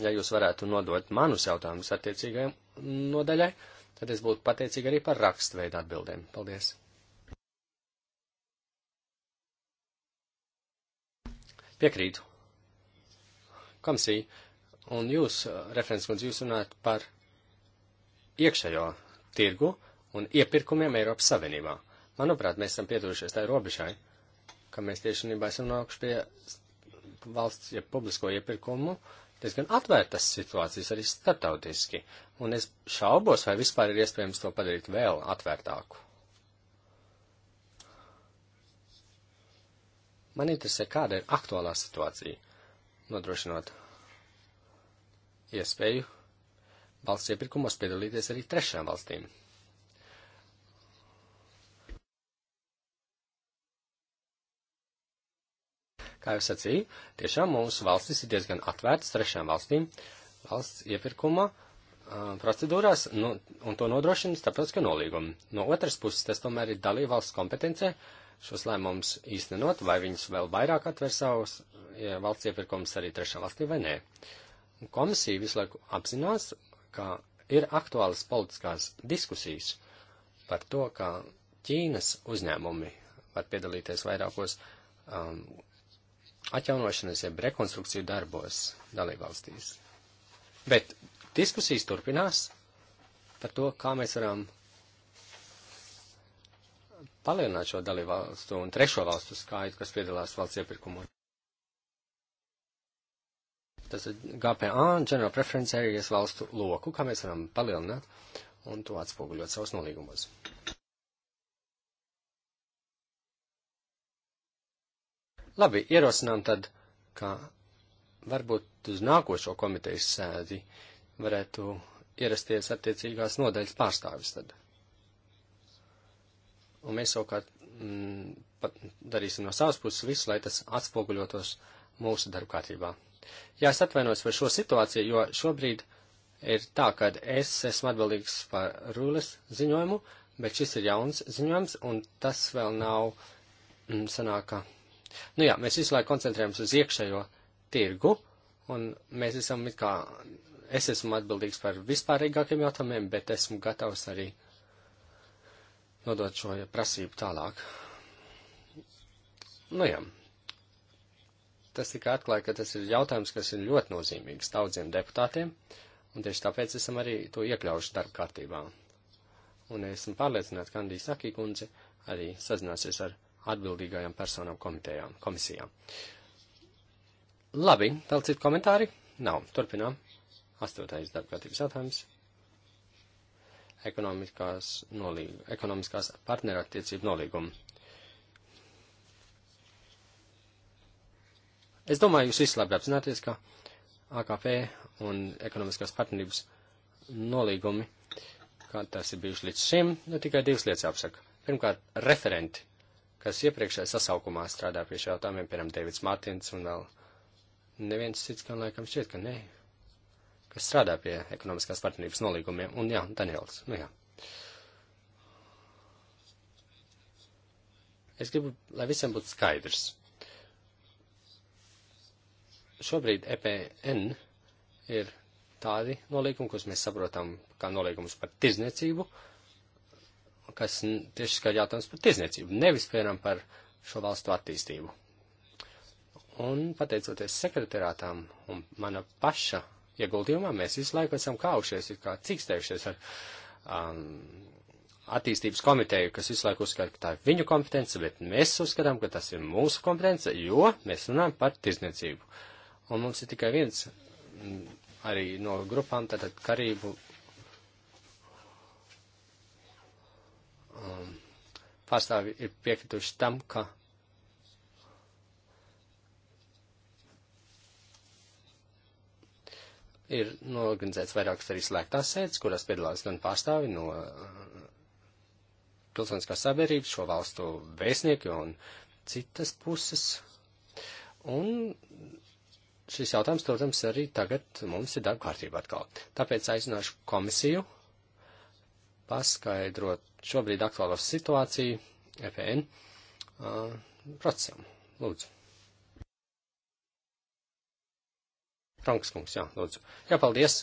Ja jūs varētu nodot manus jautājumus attiecīgajai nodaļai, tad es būtu pateicīgi arī par rakstveidu atbildēm. Paldies! Piekrītu. Kamsī, un jūs, uh, referents kundze, jūs runājat par iekšējo tirgu un iepirkumiem Eiropas Savienībā. Manuprāt, mēs esam pietuvušies tai robežai, ka mēs tiešanībā esam nākuši pie valsts, ja publisko iepirkumu, diezgan atvērtas situācijas arī startautiski, un es šaubos, vai vispār ir iespējams to padarīt vēl atvērtāku. Man interesē, kāda ir aktuālā situācija, nodrošinot iespēju valsts iepirkumos piedalīties arī trešām valstīm. Kā jau sacīju, tiešām mūsu valstis ir diezgan atvērtas trešām valstīm valsts iepirkuma procedūrās, nu, un to nodrošina starptautiskā nolīguma. No otras puses, tas tomēr ir dalība valsts kompetence šos lēmumus īstenot, vai viņas vēl vairāk atver savus ja valsts iepirkumus arī trešā valstī vai nē. Komisija visu laiku apzinās, ka ir aktuālas politiskās diskusijas par to, ka Ķīnas uzņēmumi var piedalīties vairākos um, atjaunošanas, jeb rekonstrukciju darbos dalībvalstīs. Bet diskusijas turpinās par to, kā mēs varam palielināt šo dalībvalstu un trešo valstu skaitu, kas piedalās valsts iepirkumos. Tas ir GPA, General Preference Areas valstu loku, kā mēs varam palielināt un to atspoguļot savos nolīgumos. Labi, ierosinām tad, ka varbūt uz nākošo komitejas sēdi varētu ierasties attiecīgās nodaļas pārstāvis tad. Un mēs savukārt mm, darīsim no savas puses visu, lai tas atspoguļotos mūsu darba kārtībā. Jā, es atvainos par šo situāciju, jo šobrīd ir tā, ka es esmu atbildīgs par rūles ziņojumu, bet šis ir jauns ziņojums, un tas vēl nav mm, sanākā Nu jā, mēs visu laiku koncentrējamies uz iekšējo tirgu, un mēs esam it kā, es esmu atbildīgs par vispārīgākiem jautājumiem, bet esmu gatavs arī nodot šo prasību tālāk. Nu jā, tas tikai atklāja, ka tas ir jautājums, kas ir ļoti nozīmīgs daudziem deputātiem, un tieši tāpēc esam arī to iekļaujuši darba kārtībā. Un esmu pārliecināts, ka Andija Sakī kundze arī sazināsies ar atbildīgajām personām komitejām, komisijām. Labi, vēl citu komentāri? Nav. Turpinām. Astotais darbkārtības jautājums. Ekonomiskās, nolīgu, ekonomiskās partnerattiecību nolīgumu. Es domāju, jūs visi labi apzināties, ka AKP un ekonomiskās partnerības nolīgumi, kā tas ir bijuši līdz šim, nu tikai divas lietas jāapsaka. Pirmkārt, referenti kas iepriekšējā sasaukumā strādā pie šiem jautājumiem, piemēram, Deivids Mārtiņš un vēl neviens cits, gan laikam šķiet, ka nē, kas strādā pie ekonomiskās partnerības nolīgumiem, un jā, Daniels, nu jā. Es gribu, lai visiem būtu skaidrs. Šobrīd EPN ir tādi nolīgumi, kurus mēs saprotam kā nolīgumus par tirzniecību, uh, kas tieši skar jautājums par tiesniecību, nevis, piemēram, par šo valstu attīstību. Un pateicoties sekretariātām un mana paša ieguldījumā, mēs visu laiku esam kaušies, ir kā cīkstējušies ar um, attīstības komiteju, kas visu laiku uzskata, ka tā ir viņu kompetence, bet mēs uzskatām, ka tas ir mūsu kompetence, jo mēs runājam par tirzniecību. Un mums ir tikai viens mm, arī no grupām, tātad Karību um, pārstāvi ir piekrituši tam, ka ir norganizēts vairākas arī slēgtās sēdes, kurās piedalās gan pārstāvi no uh, pilsoniskās sabiedrības, šo valstu vēstnieki un citas puses. Un šis jautājums, protams, arī tagad mums ir darba kārtība atkal. Tāpēc aicināšu komisiju paskaidrot šobrīd aktuālo situāciju EPN uh, procesam. Lūdzu. Franks kungs, jā, lūdzu. Jā, paldies.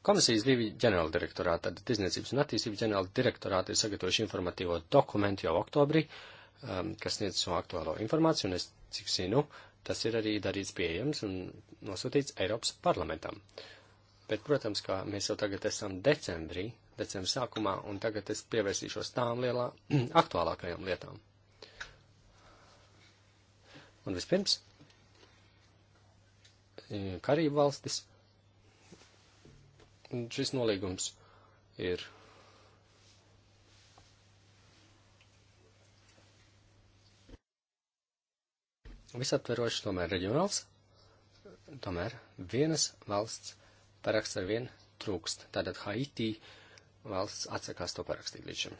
Komisijas divi ģenerāla direktorāti, tad Tirzniecības un attīstības ģenerāla direktorāti ir sagatavojuši informatīvo dokumentu jau oktobrī. Uh, um, kas sniedz šo aktuālo informāciju, un es cik zinu, tas ir arī darīts pieejams un nosūtīts Eiropas parlamentam. Bet, protams, kā mēs jau tagad esam decembrī, decembra sākumā, un tagad es pievērsīšos tām lielā, aktuālākajām lietām. Un vispirms, eh, Karību valstis, šis nolīgums ir visaptverošs tomēr reģionāls, tomēr vienas valsts paraksts ar vien trūkst. Tātad Haiti valsts atsakās to parakstīt līdz šim.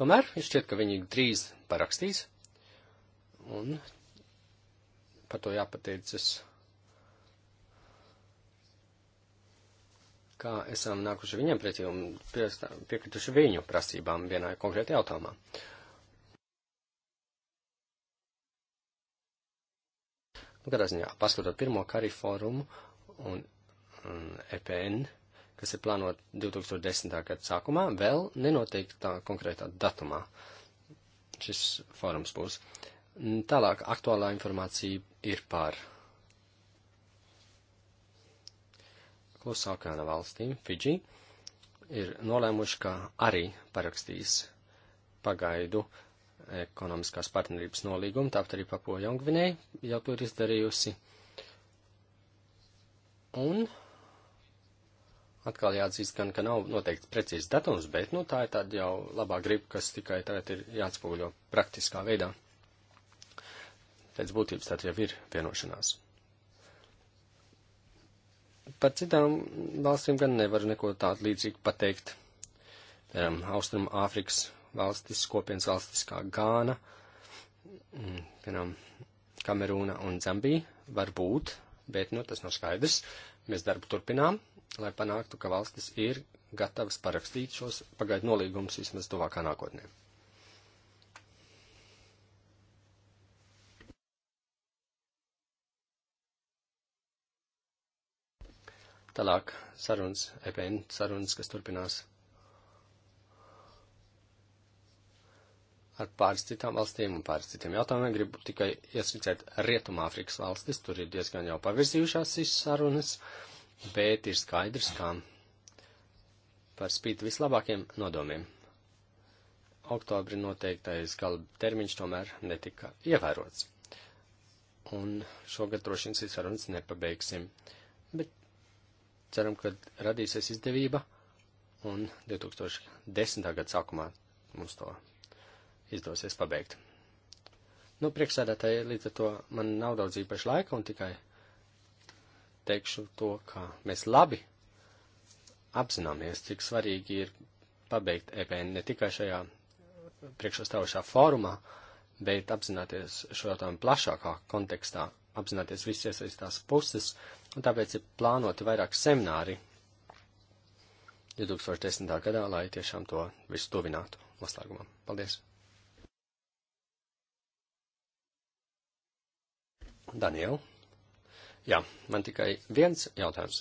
Tomēr šķiet, ka viņi drīz parakstīs, un par to jāpateicas kā esam nākuši viņiem pretī un piekrituši viņu prasībām vienā konkrētajā jautājumā. Nu, kādā ziņā, paskatot pirmo karī fórumu un, un EPN, kas ir plānot 2010. gada sākumā, vēl nenoteiktā konkrētā datumā šis fórums būs. Tālāk aktuālā informācija ir par klusākajām valstīm, Fidži, ir nolēmuši, ka arī parakstīs pagaidu ekonomiskās partnerības nolīgumu, tāpat arī Papua Jongvinei jau to ir izdarījusi. Un atkal jāatzīst gan, ka nav noteikts precīzs datums, bet, nu, tā ir tāda jau labā griba, kas tikai tagad ir jāatspūļo praktiskā veidā. Pēc būtības tātad jau ir vienošanās. Par citām valstīm gan nevar neko tādu līdzīgu pateikt. Piemēram, Austrum Āfrikas valstis, kopienas valstis kā Gāna, mm, piemēram, Kamerūna un Zambija var būt, bet, nu, tas nav skaidrs. Mēs darbu turpinām, lai panāktu, ka valstis ir gatavas parakstīt šos pagaidu nolīgumus vismaz tuvākā nākotnē. Tālāk sarunas, EPN sarunas, kas turpinās ar pāris citām valstīm un pāris citiem jautājumiem. Gribu tikai ieskicēt Rietumāfrikas valstis, tur ir diezgan jau pavirzījušās šīs sarunas, bet ir skaidrs, kā par spīti vislabākiem nodomiem. Oktobri noteiktais gala termiņš tomēr netika ievērots. Un šogad droši vien šīs sarunas nepabeigsim. Uh, Ceram, ka radīsies izdevība un 2010. gada sākumā mums to izdosies pabeigt. Nu, priekšsēdētāji, līdz ar to man nav daudz īpaši laika un tikai teikšu to, ka mēs labi apzināmies, cik svarīgi ir pabeigt EPN ne tikai šajā priekšstāvošā fórumā, bet apzināties šo jautājumu plašākā kontekstā apzināties visas iesaistās puses, un tāpēc ir plānoti vairāk semināri 2010. gadā, lai tiešām to visu tuvinātu noslēgumam. Paldies! Daniel? Jā, man tikai viens jautājums.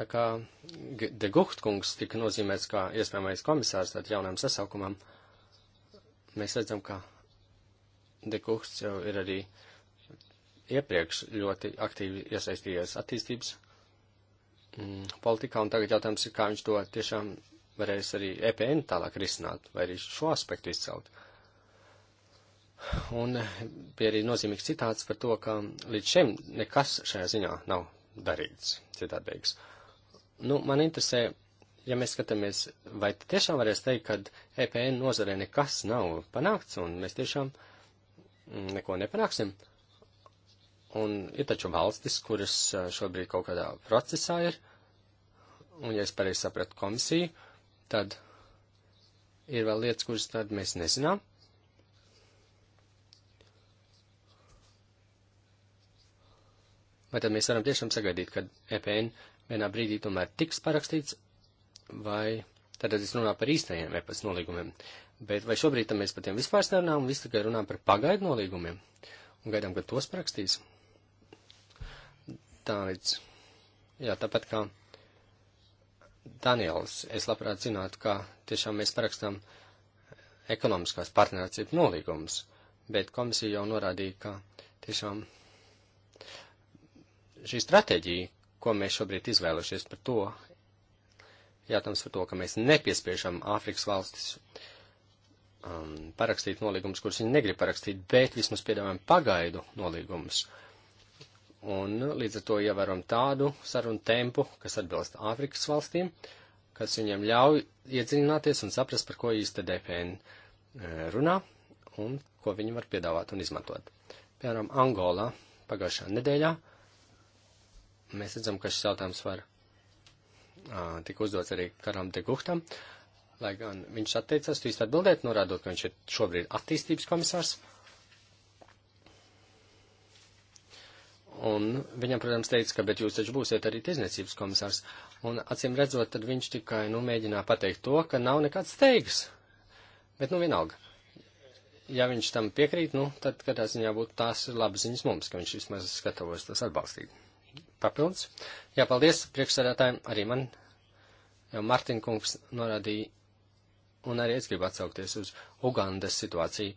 Tā kā De Guhtkungs tika nozīmēts kā iespējamais komisārs tad jaunam sasaukumam, mēs redzam, ka Dekukts jau ir arī iepriekš ļoti aktīvi iesaistījies attīstības mm, politikā, un tagad jautājums ir, kā viņš to tiešām varēs arī EPN tālāk risināt, vai arī šo aspektu izcelt. Un eh, bija arī nozīmīgs citāts par to, ka līdz šim nekas šajā ziņā nav darīts, citādi beigas. Nu, man interesē, ja mēs skatāmies, vai tiešām varēs teikt, ka EPN nozarē nekas nav panākts, un mēs tiešām uh, neko nepanāksim. Un ir taču valstis, kuras eh, šobrīd kaut kādā procesā ir, un ja es pareizi sapratu komisiju, tad ir vēl lietas, kuras tad mēs nezinām. Vai tad mēs varam tiešām sagaidīt, kad EPN vienā brīdī tomēr tiks parakstīts, vai Tātad es runāju par īstajiem EPAS nolīgumiem. Bet vai šobrīd tam mēs par tiem vispār nerunājam, visu tikai runājam par pagaidu nolīgumiem un gaidām, kad tos parakstīs? Tālīdz. Jā, tāpat kā Daniels, es labprāt zinātu, kā tiešām mēs parakstām ekonomiskās partnerācības nolīgumus, bet komisija jau norādīja, ka tiešām šī stratēģija, ko mēs šobrīd izvēlušies par to, Jātams par to, ka mēs nepiespiešam Āfrikas valstis um, parakstīt nolīgumus, kurus viņi negrib parakstīt, bet vismaz piedāvājam pagaidu nolīgumus. Un nu, līdz ar to ievēram tādu sarunu tempu, kas atbilst Āfrikas valstīm, kas viņiem ļauj iedziļināties un saprast, par ko īsti DPN eh, runā un ko viņi var piedāvāt un izmantot. Piemēram, Angolā pagājušā nedēļā mēs redzam, ka šis jautājums var tika uzdots arī Karam de Guhtam, lai gan viņš atteicās tu īsti atbildēt, norādot, ka viņš ir šobrīd attīstības komisārs. Un viņam, protams, teica, ka, bet jūs taču būsiet arī tiesniecības komisārs. Un, acīm redzot, tad viņš tikai, nu, mēģināja pateikt to, ka nav nekāds steigas. Bet, nu, vienalga. Ja viņš tam piekrīt, nu, tad, katrā ziņā būtu tās labas ziņas mums, ka viņš vismaz gatavojas tas atbalstīt papildus. Jā, paldies priekšsēdētājiem, arī man, jo Martin kungs norādīja, un arī es gribu atsaukties uz Ugandas situāciju.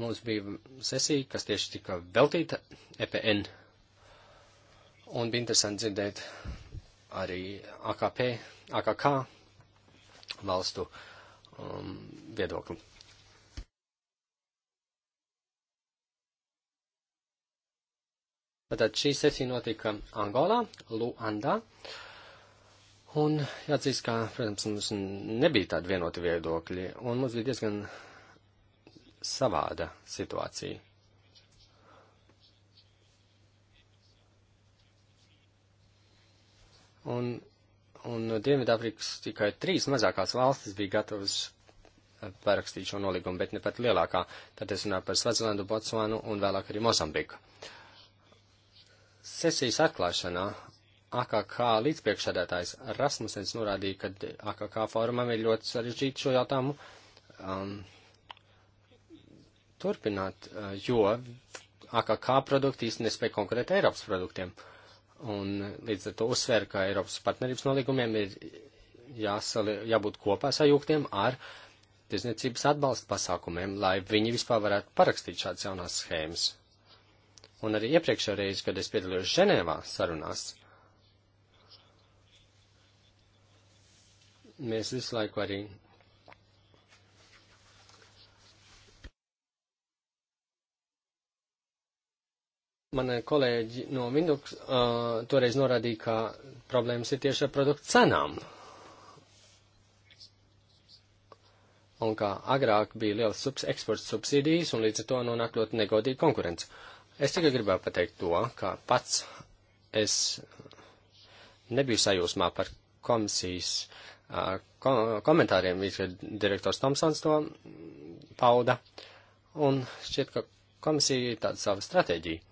Mums bija sesija, kas tieši tika veltīta EPN, un bija interesanti dzirdēt arī AKP, AKK valstu um, viedokli. Tātad šī sesija notika Angolā, Luandā. Un jāatzīst, ka, protams, mums nebija tādi vienoti viedokļi, un mums bija diezgan savāda situācija. Un, un Dienvidāfrikas tikai trīs mazākās valstis bija gatavas eh, parakstīt šo nolīgumu, bet ne pat lielākā. Tad es runāju par Svazlandu, Botsvanu un vēlāk arī Mozambiku. Uh, sesijas atklāšanā AKK līdzpriekšsēdētājs Rasmusens norādīja, ka AKK fórumam ir ļoti sarežģīti šo jautājumu um, turpināt, uh, jo AKK produkti īstenībā nespēja konkurēt Eiropas produktiem. Un līdz ar to uzsver, ka Eiropas partnerības nolīgumiem ir jāsali, jābūt kopā sajūgtiem ar tirzniecības atbalsta pasākumiem, lai viņi vispār varētu parakstīt šādas jaunās schēmas un arī iepriekšējā reize, kad es piedalījos Ženēvā sarunās, mēs visu laiku arī mani kolēģi no Windows uh, toreiz norādīja, ka problēmas ir tieši ar produktu cenām. Un kā agrāk bija liels subs eksports subsīdijas, un līdz ar to nonāk ļoti negodīga konkurence. Uh, Es tikai gribēju pateikt to, ka pats es nebiju sajūsmā par komisijas kom komentāriem, kad direktors Tomsons to pauda, un šķiet, ka komisija ir tāda sava stratēģija.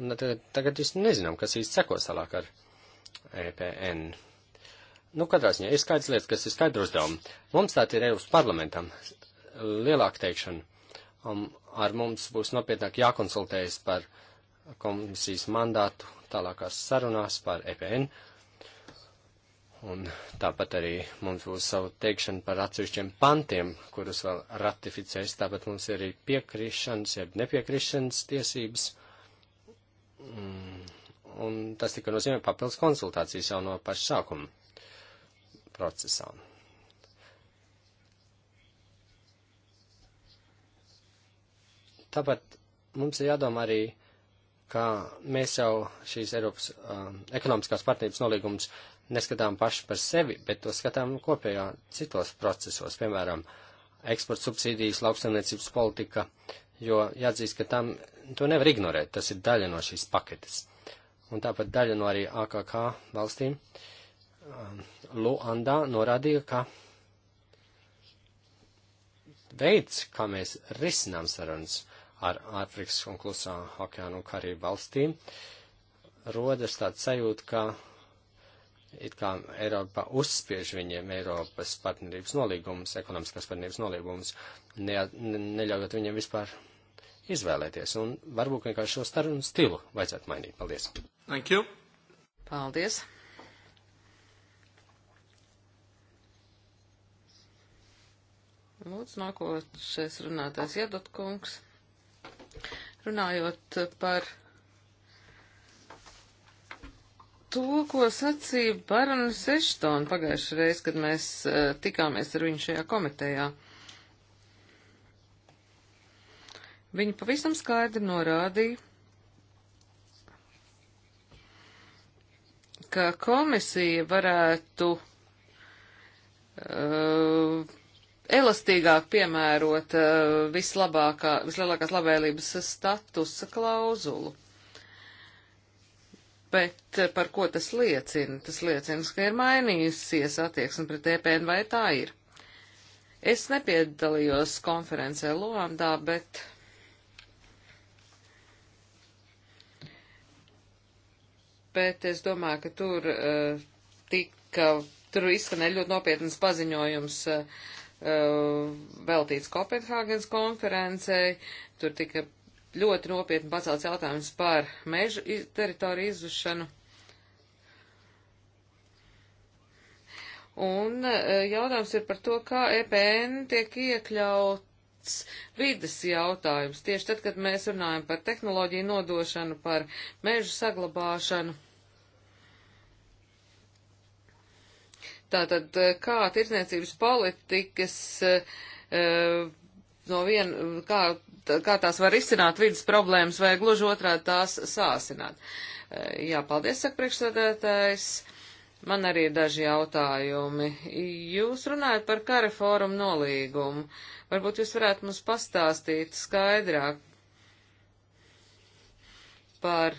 Un tagad, tagad es nezinām, kas īsti sekos tālāk ar EPN. Nu, katrā ziņā ir skaidrs lietas, kas ir skaidri uzdevumi. Mums tā ir Eiropas parlamentam lielāka teikšana. Um, ar mums būs nopietnāk jākonsultējas par komisijas mandātu tālākās sarunās par EPN. Un tāpat arī mums būs savu teikšanu par atsevišķiem pantiem, kurus vēl ratificēs. Tāpat mums ir arī piekrišanas, jeb nepiekrišanas tiesības. Mm, un tas tika nozīmē papildus konsultācijas jau no paša sākuma procesā. Tāpat mums ir jādomā arī, ka mēs jau šīs Eiropas um, ekonomiskās partnerības nolīgumus neskatām paši par sevi, bet to skatām kopējā citos procesos, piemēram, eksporta subsīdijas, lauksaimniecības politika, jo jāatzīst, ka tam to nevar ignorēt, tas ir daļa no šīs paketes. Un tāpat daļa no arī AKK valstīm. Uh, Luandā norādīja, ka veids, kā mēs risinām sarunas ar Āfrikas un Klusā okeānu un Karību valstīm, rodas tāds sajūta, ka it kā Eiropa uzspiež viņiem Eiropas partnerības nolīgumus, ekonomiskās partnerības nolīgumus, ne, neļaujot viņiem vispār izvēlēties. Un varbūt vienkārši šo starunu stilu vajadzētu mainīt. Paldies. Thank you. Paldies. Lūdzu, nākošais runātājs Iedot kungs. Runājot par to, ko sacīja Baronis Eštona pagājušajā reizē, kad mēs uh, tikāmies ar viņu šajā komitejā. Viņa pavisam skaidri norādīja, ka komisija varētu uh, elastīgāk piemērot eh, vislabākā, vislielākās labvēlības statusa klauzulu. Bet eh, par ko tas liecina? Tas liecina, ka ir mainījusies attieksme pret EPN, vai tā ir? Es nepiedalījos konferencē Luandā, bet bet es domāju, ka tur uh, tika, tur izskanēja ļoti nopietnas paziņojums uh, Uh, veltīts Kopenhāgenes konferencei, tur tika ļoti nopietni pacelts jautājums par mežu teritoriju izzušanu. Un uh, jautājums ir par to, kā EPN tiek iekļauts vidas jautājums. Tieši tad, kad mēs runājam par tehnoloģiju nodošanu, par mežu saglabāšanu. Tātad, eh, kā tirdzniecības politikas eh, eh, no vien, kā, kā tās var izcināt vidas problēmas vai gluži otrādi tās sāsināt. Jā, paldies, saka priekšsēdētājs. Man arī ir daži jautājumi. Jūs runājat par kara fórumu nolīgumu. Varbūt jūs varētu mums pastāstīt skaidrāk par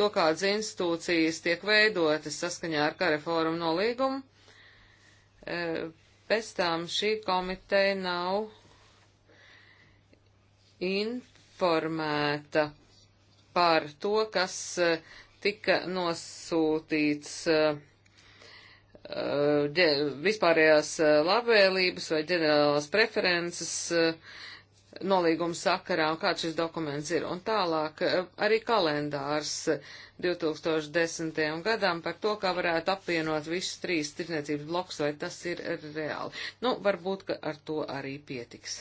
to, kādas institūcijas tiek veidotas saskaņā ar kareforumu nolīgumu. E, pēc tam šī komiteja nav informēta par to, kas e, tika nosūtīts e, vispārējās labvēlības vai ģenerālās preferences uh, nolīguma sakarā un kāds šis dokuments ir. Un tālāk eh, arī kalendārs 2010. gadam par to, kā varētu apvienot visus trīs tirniecības blokus, vai tas ir reāli. Nu, varbūt, ka ar to arī pietiks.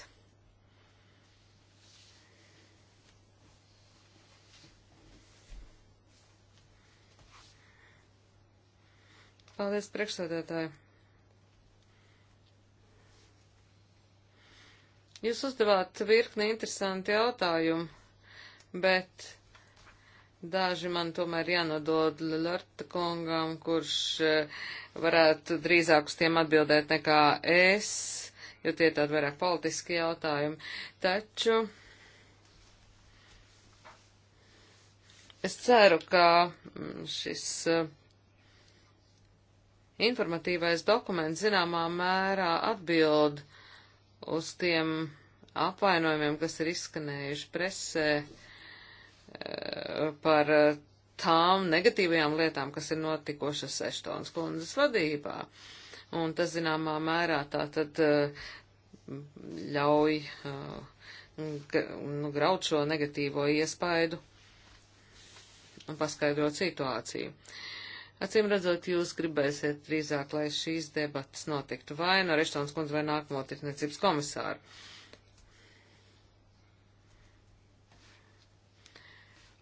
Paldies, priekšsēdētāji! Jūs uzdevāt virkni interesanti jautājumu, bet daži man tomēr jānodod Lorta kungam, kurš eh, varētu drīzāk uz tiem atbildēt nekā es, jo tie tādi vairāk politiski jautājumi. Taču es ceru, ka mm, šis eh, informatīvais dokuments zināmā mērā atbild uh, uz tiem apvainojumiem, kas ir izskanējuši presē eh, par eh, tām negatīvajām lietām, kas ir notikušas Eštonas kundzes vadībā. Un tas, zināmā mērā, tā tad eh, ļauj nu, graut šo negatīvo iespaidu un paskaidrot situāciju. Uh, Acīm redzot, jūs gribēsiet drīzāk, lai šīs debatas notiktu vai no Reštons kundze vai nākamo tirsniecības komisāru.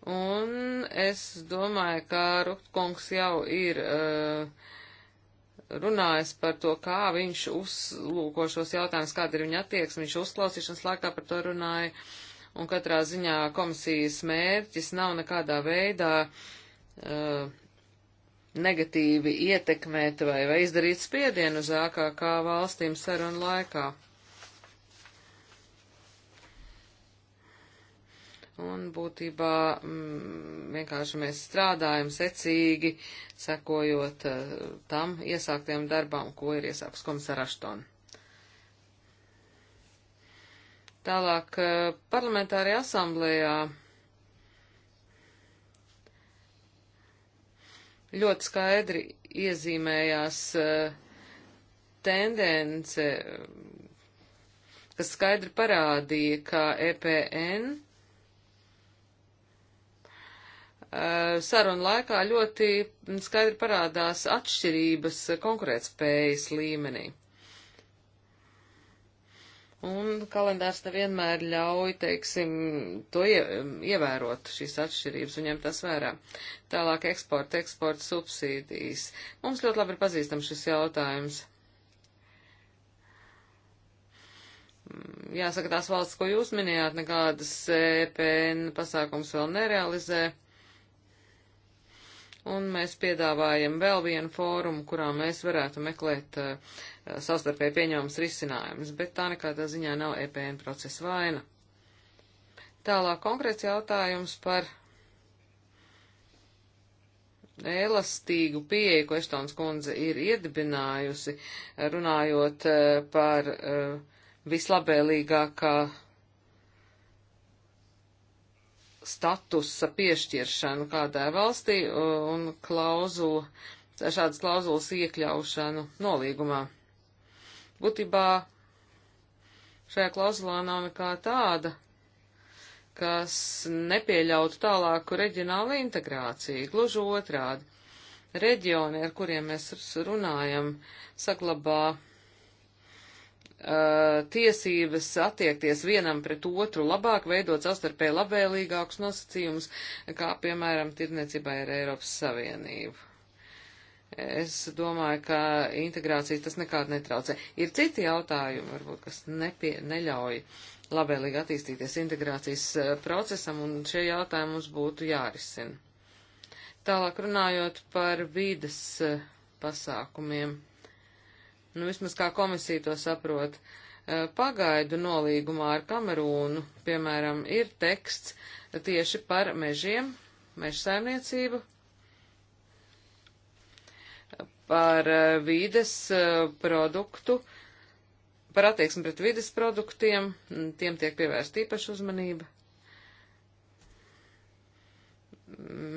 Un es domāju, ka Ruktkungs jau ir uh, runājis par to, kā viņš uzlūko šos jautājumus, kāda ir viņa attieksme, viņš uzklausīšanas laikā par to runāja, un katrā ziņā komisijas mērķis nav nekādā veidā uh, negatīvi ietekmēt vai, vai izdarīt spiedienu uz AKK valstīm sarunu laikā. Un būtībā m, mm, vienkārši mēs strādājam secīgi, sekojot uh, tam iesāktiem darbām, ko ir iesāks komisāra Aštona. Tālāk uh, parlamentārajā asamblējā ļoti skaidri iezīmējās eh, tendence, kas skaidri parādīja, ka EPN eh, sarunu laikā ļoti skaidri parādās atšķirības konkurētspējas līmenī. Un kalendārs nevienmēr ļauj, teiksim, to ievērot šīs atšķirības un ņemt tas vērā. Tālāk eksporta, eksporta subsīdijas. Mums ļoti labi ir pazīstams šis jautājums. Jāsaka, tās valsts, ko jūs minējāt, nekādas EPN pasākums vēl nerealizē un mēs piedāvājam vēl vienu fórumu, kurā mēs varētu meklēt uh, savstarpēji pieņemams risinājums, bet tā nekādā ziņā nav EPN procesa vaina. Tālāk konkrēts jautājums par elastīgu pieeju, ko Eštons kundze ir iedibinājusi, runājot uh, par uh, vislabēlīgākā statusa piešķiršanu kādai valstī un klauzulu, šādas klauzulas iekļaušanu nolīgumā. Būtībā šajā klauzulā nav nekā tāda, kas nepieļautu tālāku reģionālu integrāciju, gluži otrādi. Reģioni, ar kuriem mēs runājam, saglabā Uh, tiesības attiekties vienam pret otru labāk, veidot savstarpēji labvēlīgākus nosacījumus, kā piemēram tirniecībai ar Eiropas Savienību. Es domāju, ka integrācijas tas nekādu netraucē. Ir citi jautājumi, varbūt, kas nepie, neļauj labvēlīgi attīstīties integrācijas uh, procesam, un šie jautājumi mums būtu jārisina. Tālāk runājot par vīdes uh, pasākumiem nu vismaz kā komisija to saprot, e, pagaidu nolīgumā ar Kamerūnu, piemēram, ir teksts tieši par mežiem, meža saimniecību, par e, vīdes e, produktu, par attieksmi pret vīdes produktiem, tiem tiek pievērsta īpaša uzmanība.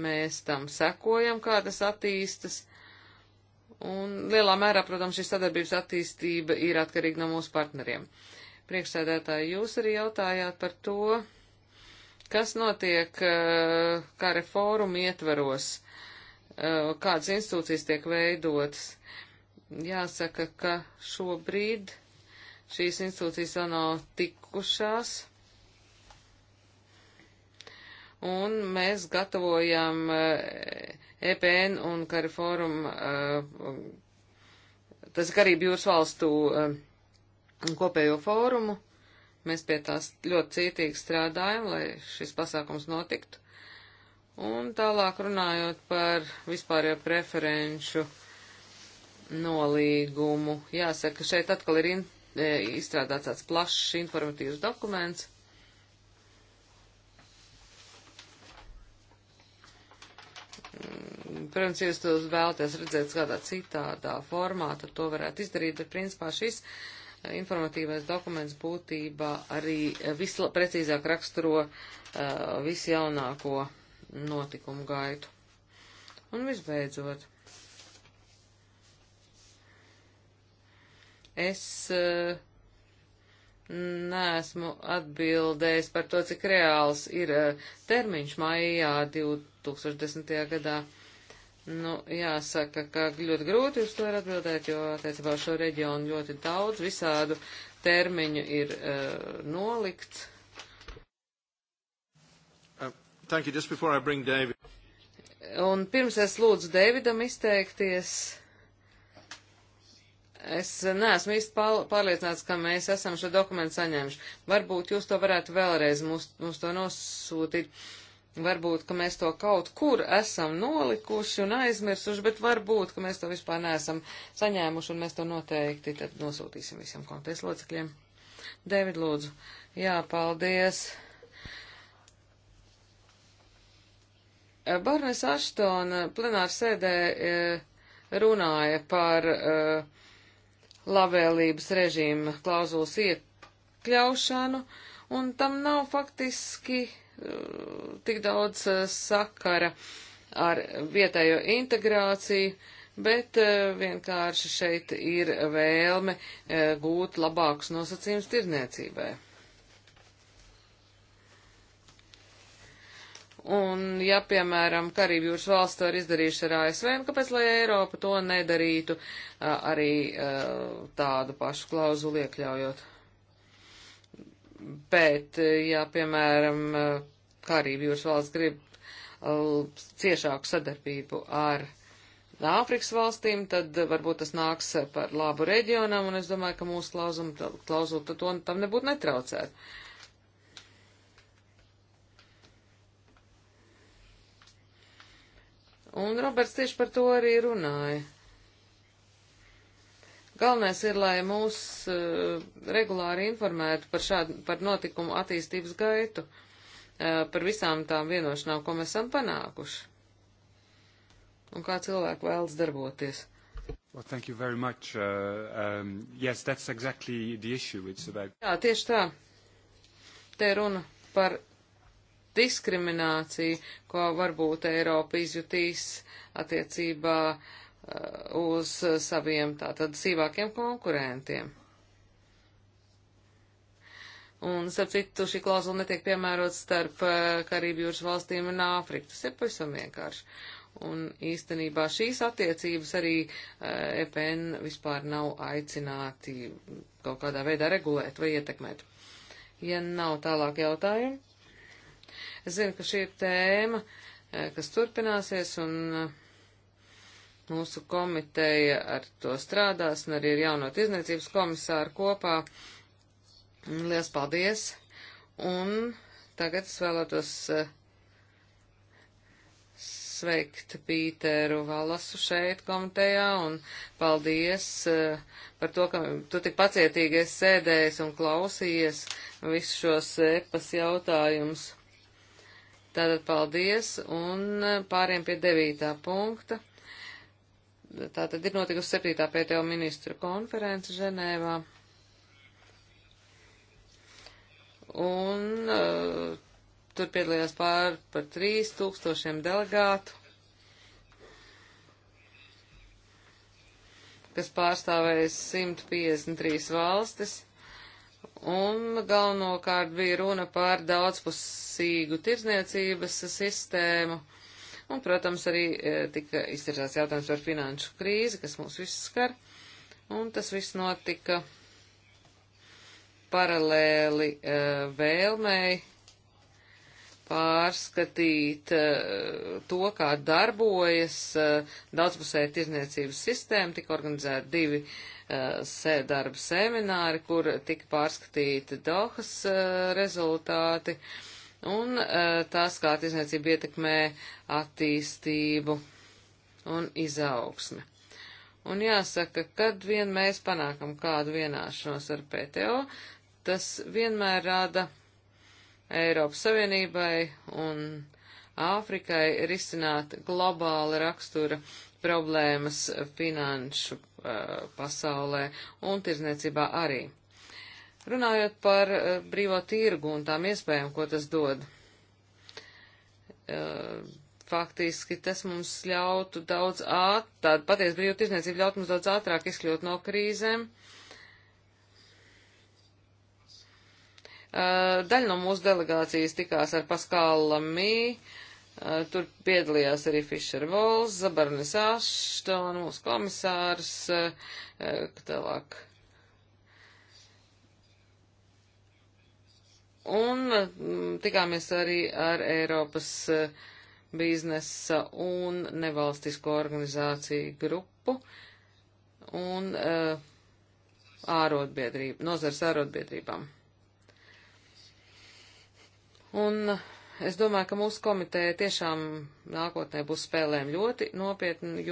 Mēs tam sekojam, kā tas attīstas Un lielā mērā, protams, šī sadarbības attīstība ir atkarīga no mūsu partneriem. Priekšsēdētāji, jūs arī jautājāt par to, kas notiek eh, kā reformu ietveros, eh, kādas institūcijas tiek veidotas. Jāsaka, ka šobrīd šīs institūcijas vēl nav tikušās un mēs gatavojam EPN eh, e un Kariforum, eh, tas Karību jūras valstu eh, kopējo fórumu. Mēs pie tās ļoti cītīgi strādājam, lai šis pasākums notiktu. Un tālāk runājot par vispārējo preferenču nolīgumu, jāsaka, šeit atkal ir in, e, izstrādāts tāds plašs informatīvs dokuments. Protams, jūs to vēlaties redzēt kādā citādā formā, tad to varētu izdarīt, bet principā šis eh, informatīvais dokuments būtībā arī visprecīzāk raksturo uh, eh, visjaunāko notikumu gaitu. Un visbeidzot, es uh, Nesmu atbildējis par to, cik reāls ir eh, termiņš maijā 2010. gadā. Nu, jāsaka, ka ļoti grūti uz to ir atbildēt, jo attiecībā šo reģionu ļoti daudz visādu termiņu ir uh, nolikts. Uh, thank you. Just before I bring David. Un pirms es lūdzu Davidam izteikties Es neesmu īsti pārliecināts, ka mēs esam šo dokumentu saņēmuši. Varbūt jūs to varētu vēlreiz mums, mums to nosūtīt. Varbūt, ka mēs to kaut kur esam nolikuši un aizmirsuši, bet varbūt, ka mēs to vispār neesam saņēmuši un mēs to noteikti tad nosūtīsim visiem komitejas locekļiem. David, lūdzu. Jā, paldies. Barnes Aštona plenāra sēdē eh, runāja par uh, labvēlības režīma klauzulas iekļaušanu, un tam nav faktiski uh, tik daudz uh, sakara ar vietējo integrāciju, bet uh, vienkārši šeit ir vēlme uh, gūt labākus nosacījumus tirniecībai. Un, ja, piemēram, Karību jūras valsts to ir izdarījuši ar ASV, nu, kāpēc, lai Eiropa to nedarītu arī tādu pašu klauzulu iekļaujot? Bet, ja, piemēram, Karību jūras valsts grib ciešāku sadarbību ar Āfrikas valstīm, tad varbūt tas nāks par labu reģionam, un es domāju, ka mūsu klauzula to tam nebūtu netraucēt. Uh, Un Roberts tieši par to arī runāja. Galvenais ir, lai mūs uh, regulāri informētu par, šādu, par notikumu attīstības gaitu, uh, par visām tām vienošanām, ko mēs esam panākuši. Un kā cilvēki vēlas darboties. Well, thank you very much. Uh, um, yes, that's exactly the issue. It's about... Jā, tieši tā. Te runa par diskrimināciju, ko varbūt Eiropa izjutīs attiecībā uh, uz saviem tātad sīvākiem konkurentiem. Un, starp citu, šī klauzula netiek piemērot starp uh, Karību jūras valstīm un Āfriku. Tas ir pavisam vienkārši. Un īstenībā šīs attiecības arī uh, EPN vispār nav aicināti kaut kādā veidā regulēt vai ietekmēt. Ja nav tālāk jautājumu, Es zinu, ka šī ir tēma, eh, kas turpināsies, un eh, mūsu komiteja ar to strādās, un arī ir jaunot izniecības komisāru kopā. Lielas paldies! Un tagad es vēlētos eh, sveikt Pīteru Valasu šeit komitejā un paldies uh, par to, ka tu tik pacietīgi esi sēdējis un klausījies visus šos epas jautājumus. Tātad paldies un pāriem pie devītā punkta. Tātad ir notikusi septītā PTO ministru konference Ženēvā. Un uh, tur piedalījās pār par trīs tūkstošiem delegātu, kas pārstāvēja 153 valstis. Un galvenokārt bija runa par daudzpusīgu tirzniecības sistēmu. Un, protams, arī e, tika iztirzāts jautājums par finanšu krīzi, kas mūs visus skar. Un tas viss notika paralēli e, vēlmei pārskatīt e, to, kā darbojas daudzpusēja tirzniecības sistēma, tika organizēti divi uh, darba semināri, kur tika pārskatīti Dohas e, rezultāti un e, tās, kā tiesniecība ietekmē attīstību un izaugsmi. Un jāsaka, kad vien mēs panākam kādu vienāšanos ar PTO, tas vienmēr rada Eiropas Savienībai un Āfrikai risināt globāla rakstura problēmas finanšu Uh, pasaulē un tirzniecībā arī. Runājot par uh, brīvo tirgu un tām iespējām, ko tas dod, uh, faktiski tas mums ļautu daudz ātrāk, tāda patiesa brīva tirzniecība ļautu mums daudz ātrāk izkļūt no krīzēm. Daļa no mūsu delegācijas tikās ar Paskālu Lamī, uh, Eh, tur piedalījās arī Fischer Vols, Zabarnis Aštona, mūsu komisārs, eh, eh, tālāk. Un tikāmies arī ar Eiropas biznesa un nevalstisko organizāciju grupu un ārotbiedrību, nozars ārotbiedrībām. Un uh, Es domāju, ka mūsu komiteja tiešām nākotnē būs spēlēm ļoti nopietnu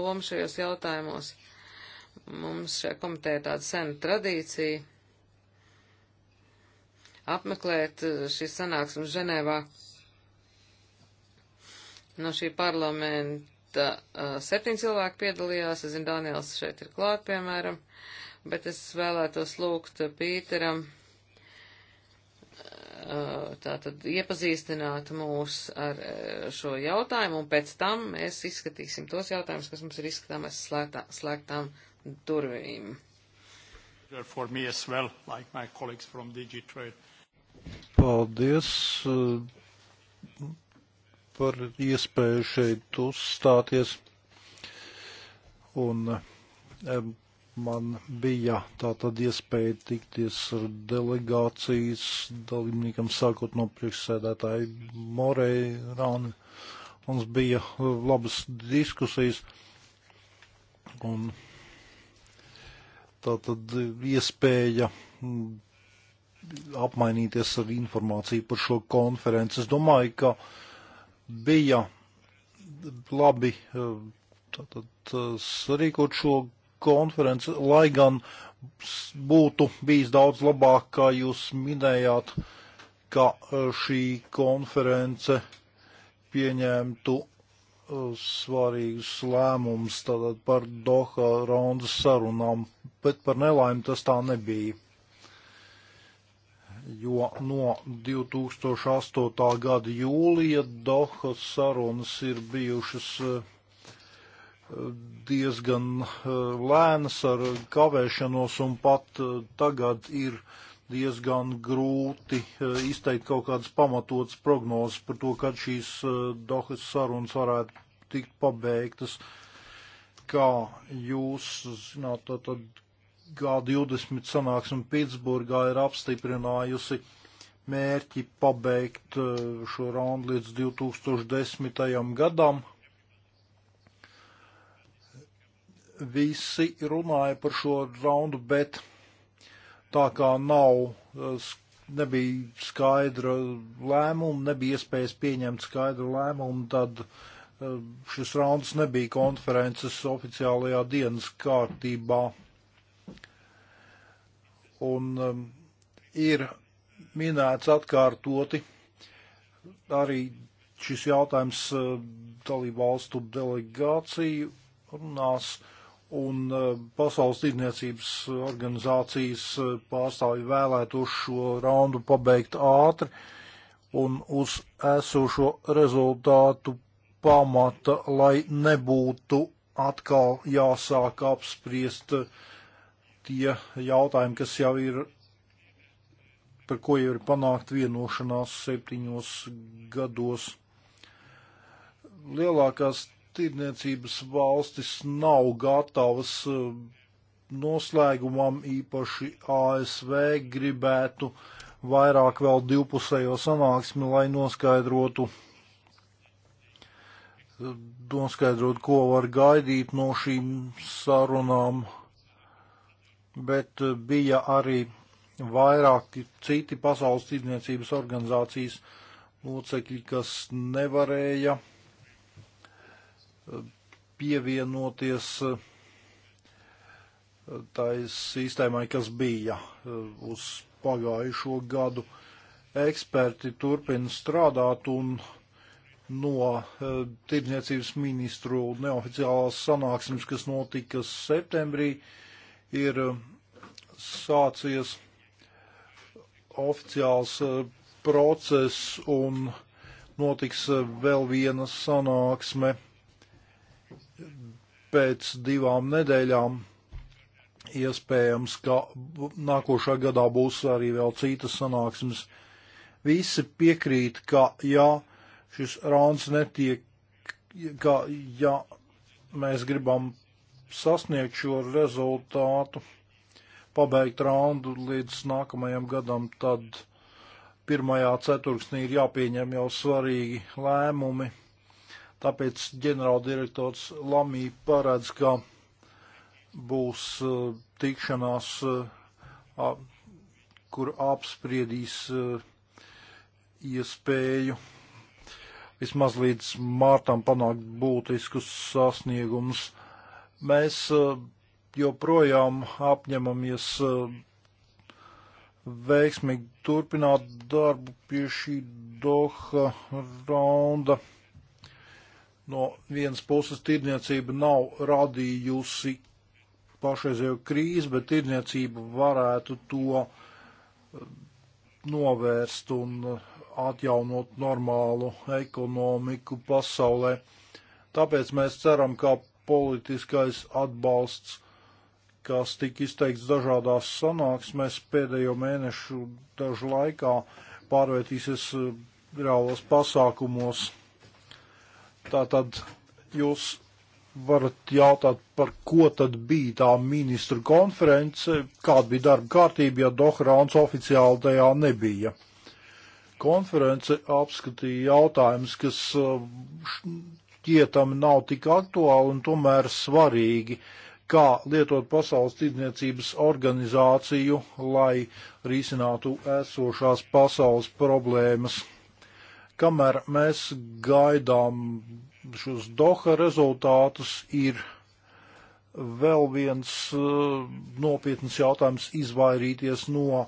lomu šajos jautājumos. Mums šajā komiteja tāda sena tradīcija apmeklēt eh, šīs sanāksmes Ženēvā no šī parlamenta. Eh, septiņi cilvēki piedalījās, es zinu, Daniels šeit ir klāt, piemēram, bet es vēlētos lūgt Pīteram Uh, tātad iepazīstināt mūs ar uh, šo jautājumu, un pēc tam mēs izskatīsim tos jautājumus, kas mums ir izskatāmas slēgtā, slēgtām durvīm. Well, like Paldies uh, par iespēju šeit uzstāties. Un, um, man bija tātad iespēja tikties ar delegācijas dalībniekam, sākot no priekšsēdētāja Morei Rāni. Mums bija labas diskusijas un tātad iespēja apmainīties ar informāciju par šo konferenci. Es domāju, ka bija labi eh, tātad eh, sarīkot šo konferenci konferenci, lai gan būtu bijis daudz labāk, kā jūs minējāt, ka e, šī konference pieņemtu e, svarīgus lēmumus tātad par Doha raundas sarunām, bet par nelaimi tas tā nebija. Jo no 2008. gada jūlija Doha sarunas ir bijušas uh, diezgan eh, lēnas ar kavēšanos un pat eh, tagad ir diezgan grūti eh, izteikt kaut kādas pamatotas prognozes par to, kad šīs Dohas sarunas varētu tikt pabeigtas. Kā jūs zināt, tad, tad G20 sanāksme Pitsburgā ir apstiprinājusi mērķi pabeigt šo raundu līdz 2010. gadam, visi runāja par šo raundu, bet tā kā nav, eh, nebija skaidra lēmuma, nebija iespējas pieņemt skaidru lēmumu, tad eh, šis rauns nebija konferences oficiālajā dienas kārtībā. Un eh, ir minēts atkārtoti arī šis jautājums dalību valstu delegāciju runās. Uh, un eh, Pasaules tirdzniecības organizācijas eh, pārstāvji vēlētos šo raundu pabeigt ātri un uz esošo rezultātu pamata, lai nebūtu atkal jāsāk apspriest eh, tie jautājumi, kas jau ir, par ko jau ir panākt vienošanās septiņos gados. Lielākās tirniecības valstis nav gatavas eh, noslēgumam, īpaši ASV gribētu vairāk vēl divpusējo sanāksmi, lai noskaidrotu, eh, noskaidrotu, ko var gaidīt no šīm sarunām, bet eh, bija arī vairāki citi pasaules tirdzniecības organizācijas locekļi, kas nevarēja pievienoties eh, tai sistēmai, kas bija eh, uz pagājušo gadu. Eksperti turpina strādāt un no eh, tirdzniecības ministru neoficiālās sanāksmes, kas notika septembrī, ir sācies oficiāls process un notiks vēl viena sanāksme pēc divām nedēļām iespējams, ka nākošā gadā būs arī vēl citas sanāksmes. Visi piekrīt, ka ja šis rauns netiek, ka ja mēs gribam sasniegt šo rezultātu, pabeigt raundu līdz nākamajam gadam, tad pirmajā ceturksnī ir jāpieņem jau svarīgi lēmumi Tāpēc ģenerāldirektors Lamī paredz, ka būs eh, tikšanās, eh, kur apspriedīs eh, iespēju vismaz līdz mārtam panākt būtiskus sasniegumus. Mēs joprojām apņemamies veiksmīgi turpināt darbu pie šī Doha raunda. No vienas puses tirniecība nav radījusi pašreizējo krīzi, bet tirniecība varētu to eh, novērst un atjaunot normālu ekonomiku pasaulē. Tāpēc mēs ceram, ka politiskais atbalsts kas tika izteikts dažādās sanāksmēs pēdējo mēnešu dažu laikā, pārvērtīsies eh, reālos pasākumos. Tātad jūs varat jautāt, par ko tad bija tā ministru konference, kāda bija darba kārtība, ja Dohrāns oficiāli tajā nebija. Konference apskatīja jautājumus, kas eh, šķietami nav tik aktuāli un tomēr svarīgi, kā lietot Pasaules tirdzniecības organizāciju, lai risinātu esošās pasaules problēmas Kamēr mēs gaidām šos Doha rezultātus, ir vēl viens uh, nopietns jautājums izvairīties no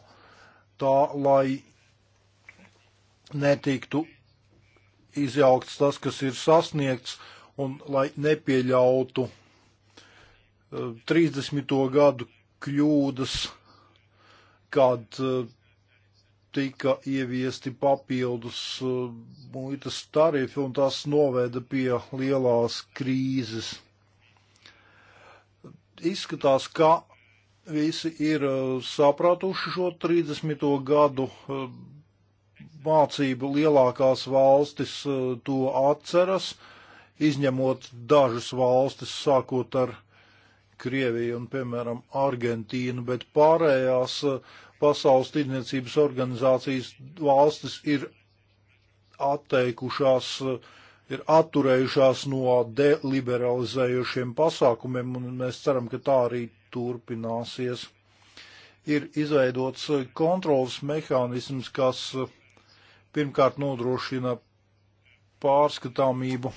tā, lai netiktu izjaukts tas, kas ir sasniegts, un lai nepieļautu uh, eh, 30. gadu kļūdas, kad uh, tika ieviesti papildus eh, muitas tarifi, un tas noveda pie lielās krīzes. Izskatās, ka visi ir eh, sapratuši šo 30. gadu eh, mācību lielākās valstis to atceras, izņemot dažas valstis, sākot ar Krieviju un, piemēram, Argentīnu, bet pārējās Pasaules tirdzniecības organizācijas valstis ir atteikušās, ir atturējušās no deliberalizējušiem pasākumiem, un mēs ceram, ka tā arī turpināsies. Ir izveidots kontrols mehānisms, kas pirmkārt nodrošina pārskatāmību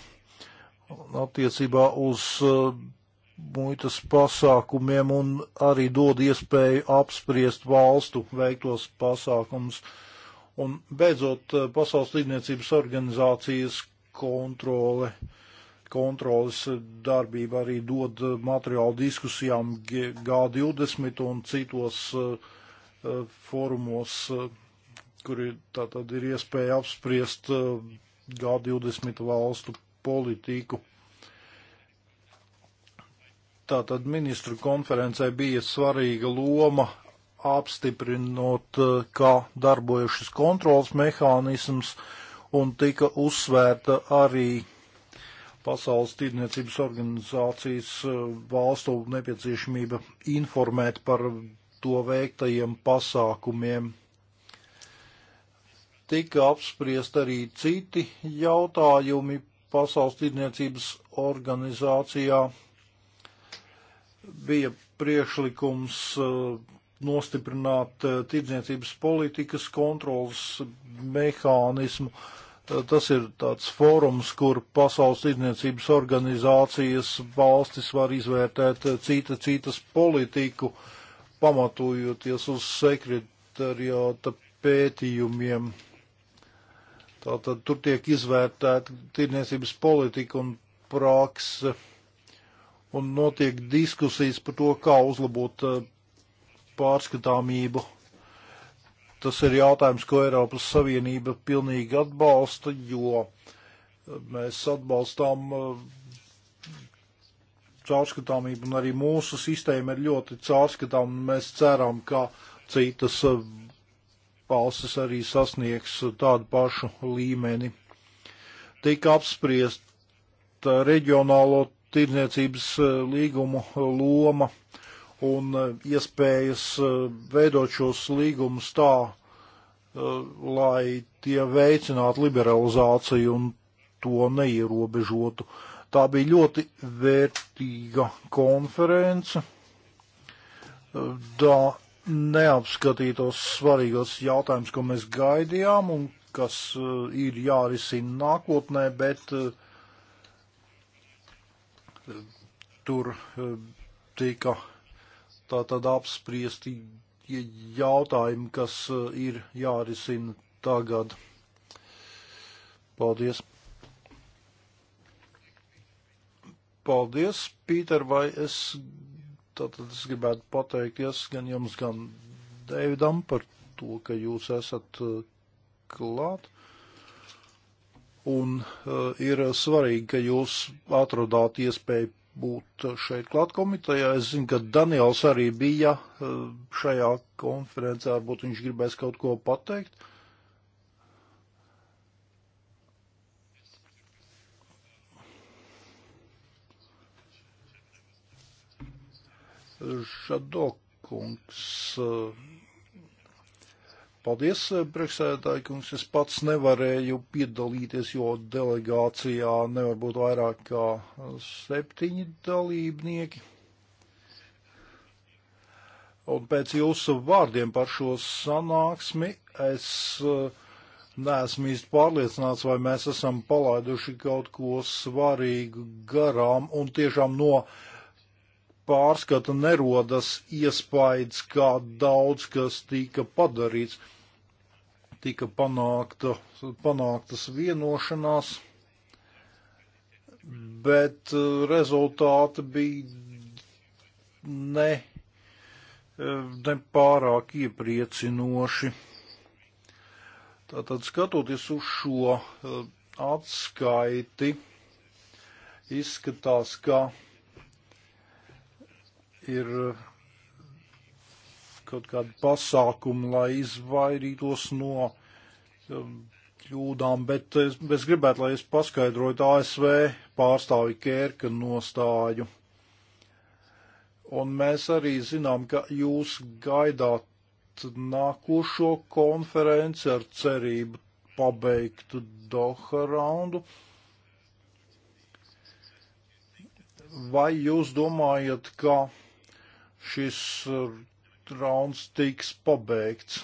attiecībā uz muitas pasākumiem un arī dod iespēju apspriest valstu veiktos pasākumus. Un beidzot, eh, Pasaules tirdzniecības organizācijas kontrole, kontroles darbība arī dod eh, materiālu diskusijām G20 un citos uh, fórumos, uh, kur ir, tātad ir iespēja apspriest uh, G20 valstu politiku. Tātad ministru konferencē bija svarīga loma apstiprinot, eh, kā darbojušas kontrols mehānisms un tika uzsvērta arī Pasaules tirdzniecības organizācijas eh, valstu nepieciešamība informēt par to veiktajiem pasākumiem. Tika apspriest arī citi jautājumi Pasaules tirdzniecības organizācijā bija priekšlikums eh, nostiprināt eh, tirdzniecības politikas kontrolas mehānismu. Eh, tas ir tāds fórums, kur pasaules tirdzniecības organizācijas valstis var izvērtēt cita citas politiku, pamatojoties uz sekretariāta pētījumiem. Tātad tur tiek izvērtēta tirdzniecības politika un prakse un notiek diskusijas par to, kā uzlabot eh, pārskatāmību. Tas ir jautājums, ko Eiropas Savienība pilnīgi atbalsta, jo eh, mēs atbalstām eh, caurskatāmību un arī mūsu sistēma ir ļoti caurskatām un mēs ceram, ka citas valstis arī sasniegs tādu pašu līmeni. Tika apspriest reģionālo tirniecības eh, līgumu eh, loma un eh, iespējas veidot šos līgumus tā, lai tie veicinātu liberalizāciju un to neierobežotu. Tā bija ļoti vērtīga konference. Tā neapskatītos svarīgos jautājumus, ko mēs gaidījām un kas ir jārisina nākotnē, bet uh, Tur e, tika tātad apspriesti jautājumi, kas e, ir jārisina tagad. Paldies. Paldies, Pīter, vai es tātad es gribētu pateikties gan jums, gan Deividam par to, ka jūs esat e, klāt. Un eh, ir svarīgi, ka jūs atrodāt iespēju būt šeit klāt komitejā. Es zinu, ka Daniels arī bija eh, šajā konferencē, varbūt viņš gribēs kaut ko pateikt. Šadokungs eh, Paldies, eh, priekšsēdētāji, kungs. Es pats nevarēju piedalīties, jo delegācijā nevar būt vairāk kā eh, septiņi dalībnieki. Un pēc jūsu vārdiem par šo sanāksmi es eh, neesmu īsti pārliecināts, vai mēs esam palaiduši kaut ko svarīgu garām un tiešām no pārskata nerodas iespējas, kā daudz kas tika padarīts tika panākta, panāktas vienošanās, bet uh, rezultāti bija ne, uh, ne pārāk iepriecinoši. Tātad skatoties uz šo uh, atskaiti, izskatās, ka ir kaut kādi pasākumi, lai izvairītos no um, kļūdām, bet es, es gribētu, lai es paskaidrotu ASV pārstāvi Kērka nostāju. Un mēs arī zinām, ka jūs gaidāt nākošo konferenci ar cerību pabeigtu Doha raundu. Vai jūs domājat, ka šis rauns tiks pabeigts.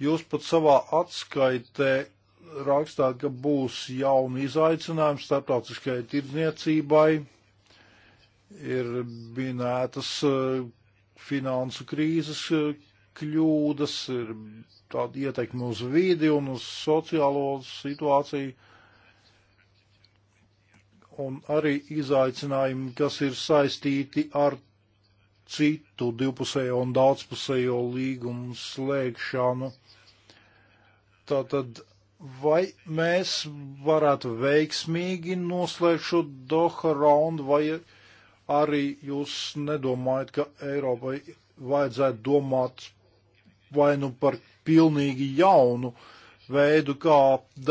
Jūs pat savā atskaitē rakstāt, ka būs jauni izaicinājumi starptautiskajai tirdzniecībai, ir minētas eh, finansu krīzes eh, kļūdas, ir tāda ietekme uz vidi un uz sociālo situāciju, un arī izaicinājumi, kas ir saistīti ar citu divpusējo un daudzpusējo līgumu slēgšanu. Tātad, vai mēs varētu veiksmīgi noslēgt šo Doha raundu, vai arī jūs nedomājat, ka Eiropai vajadzētu domāt vai nu par pilnīgi jaunu veidu, kā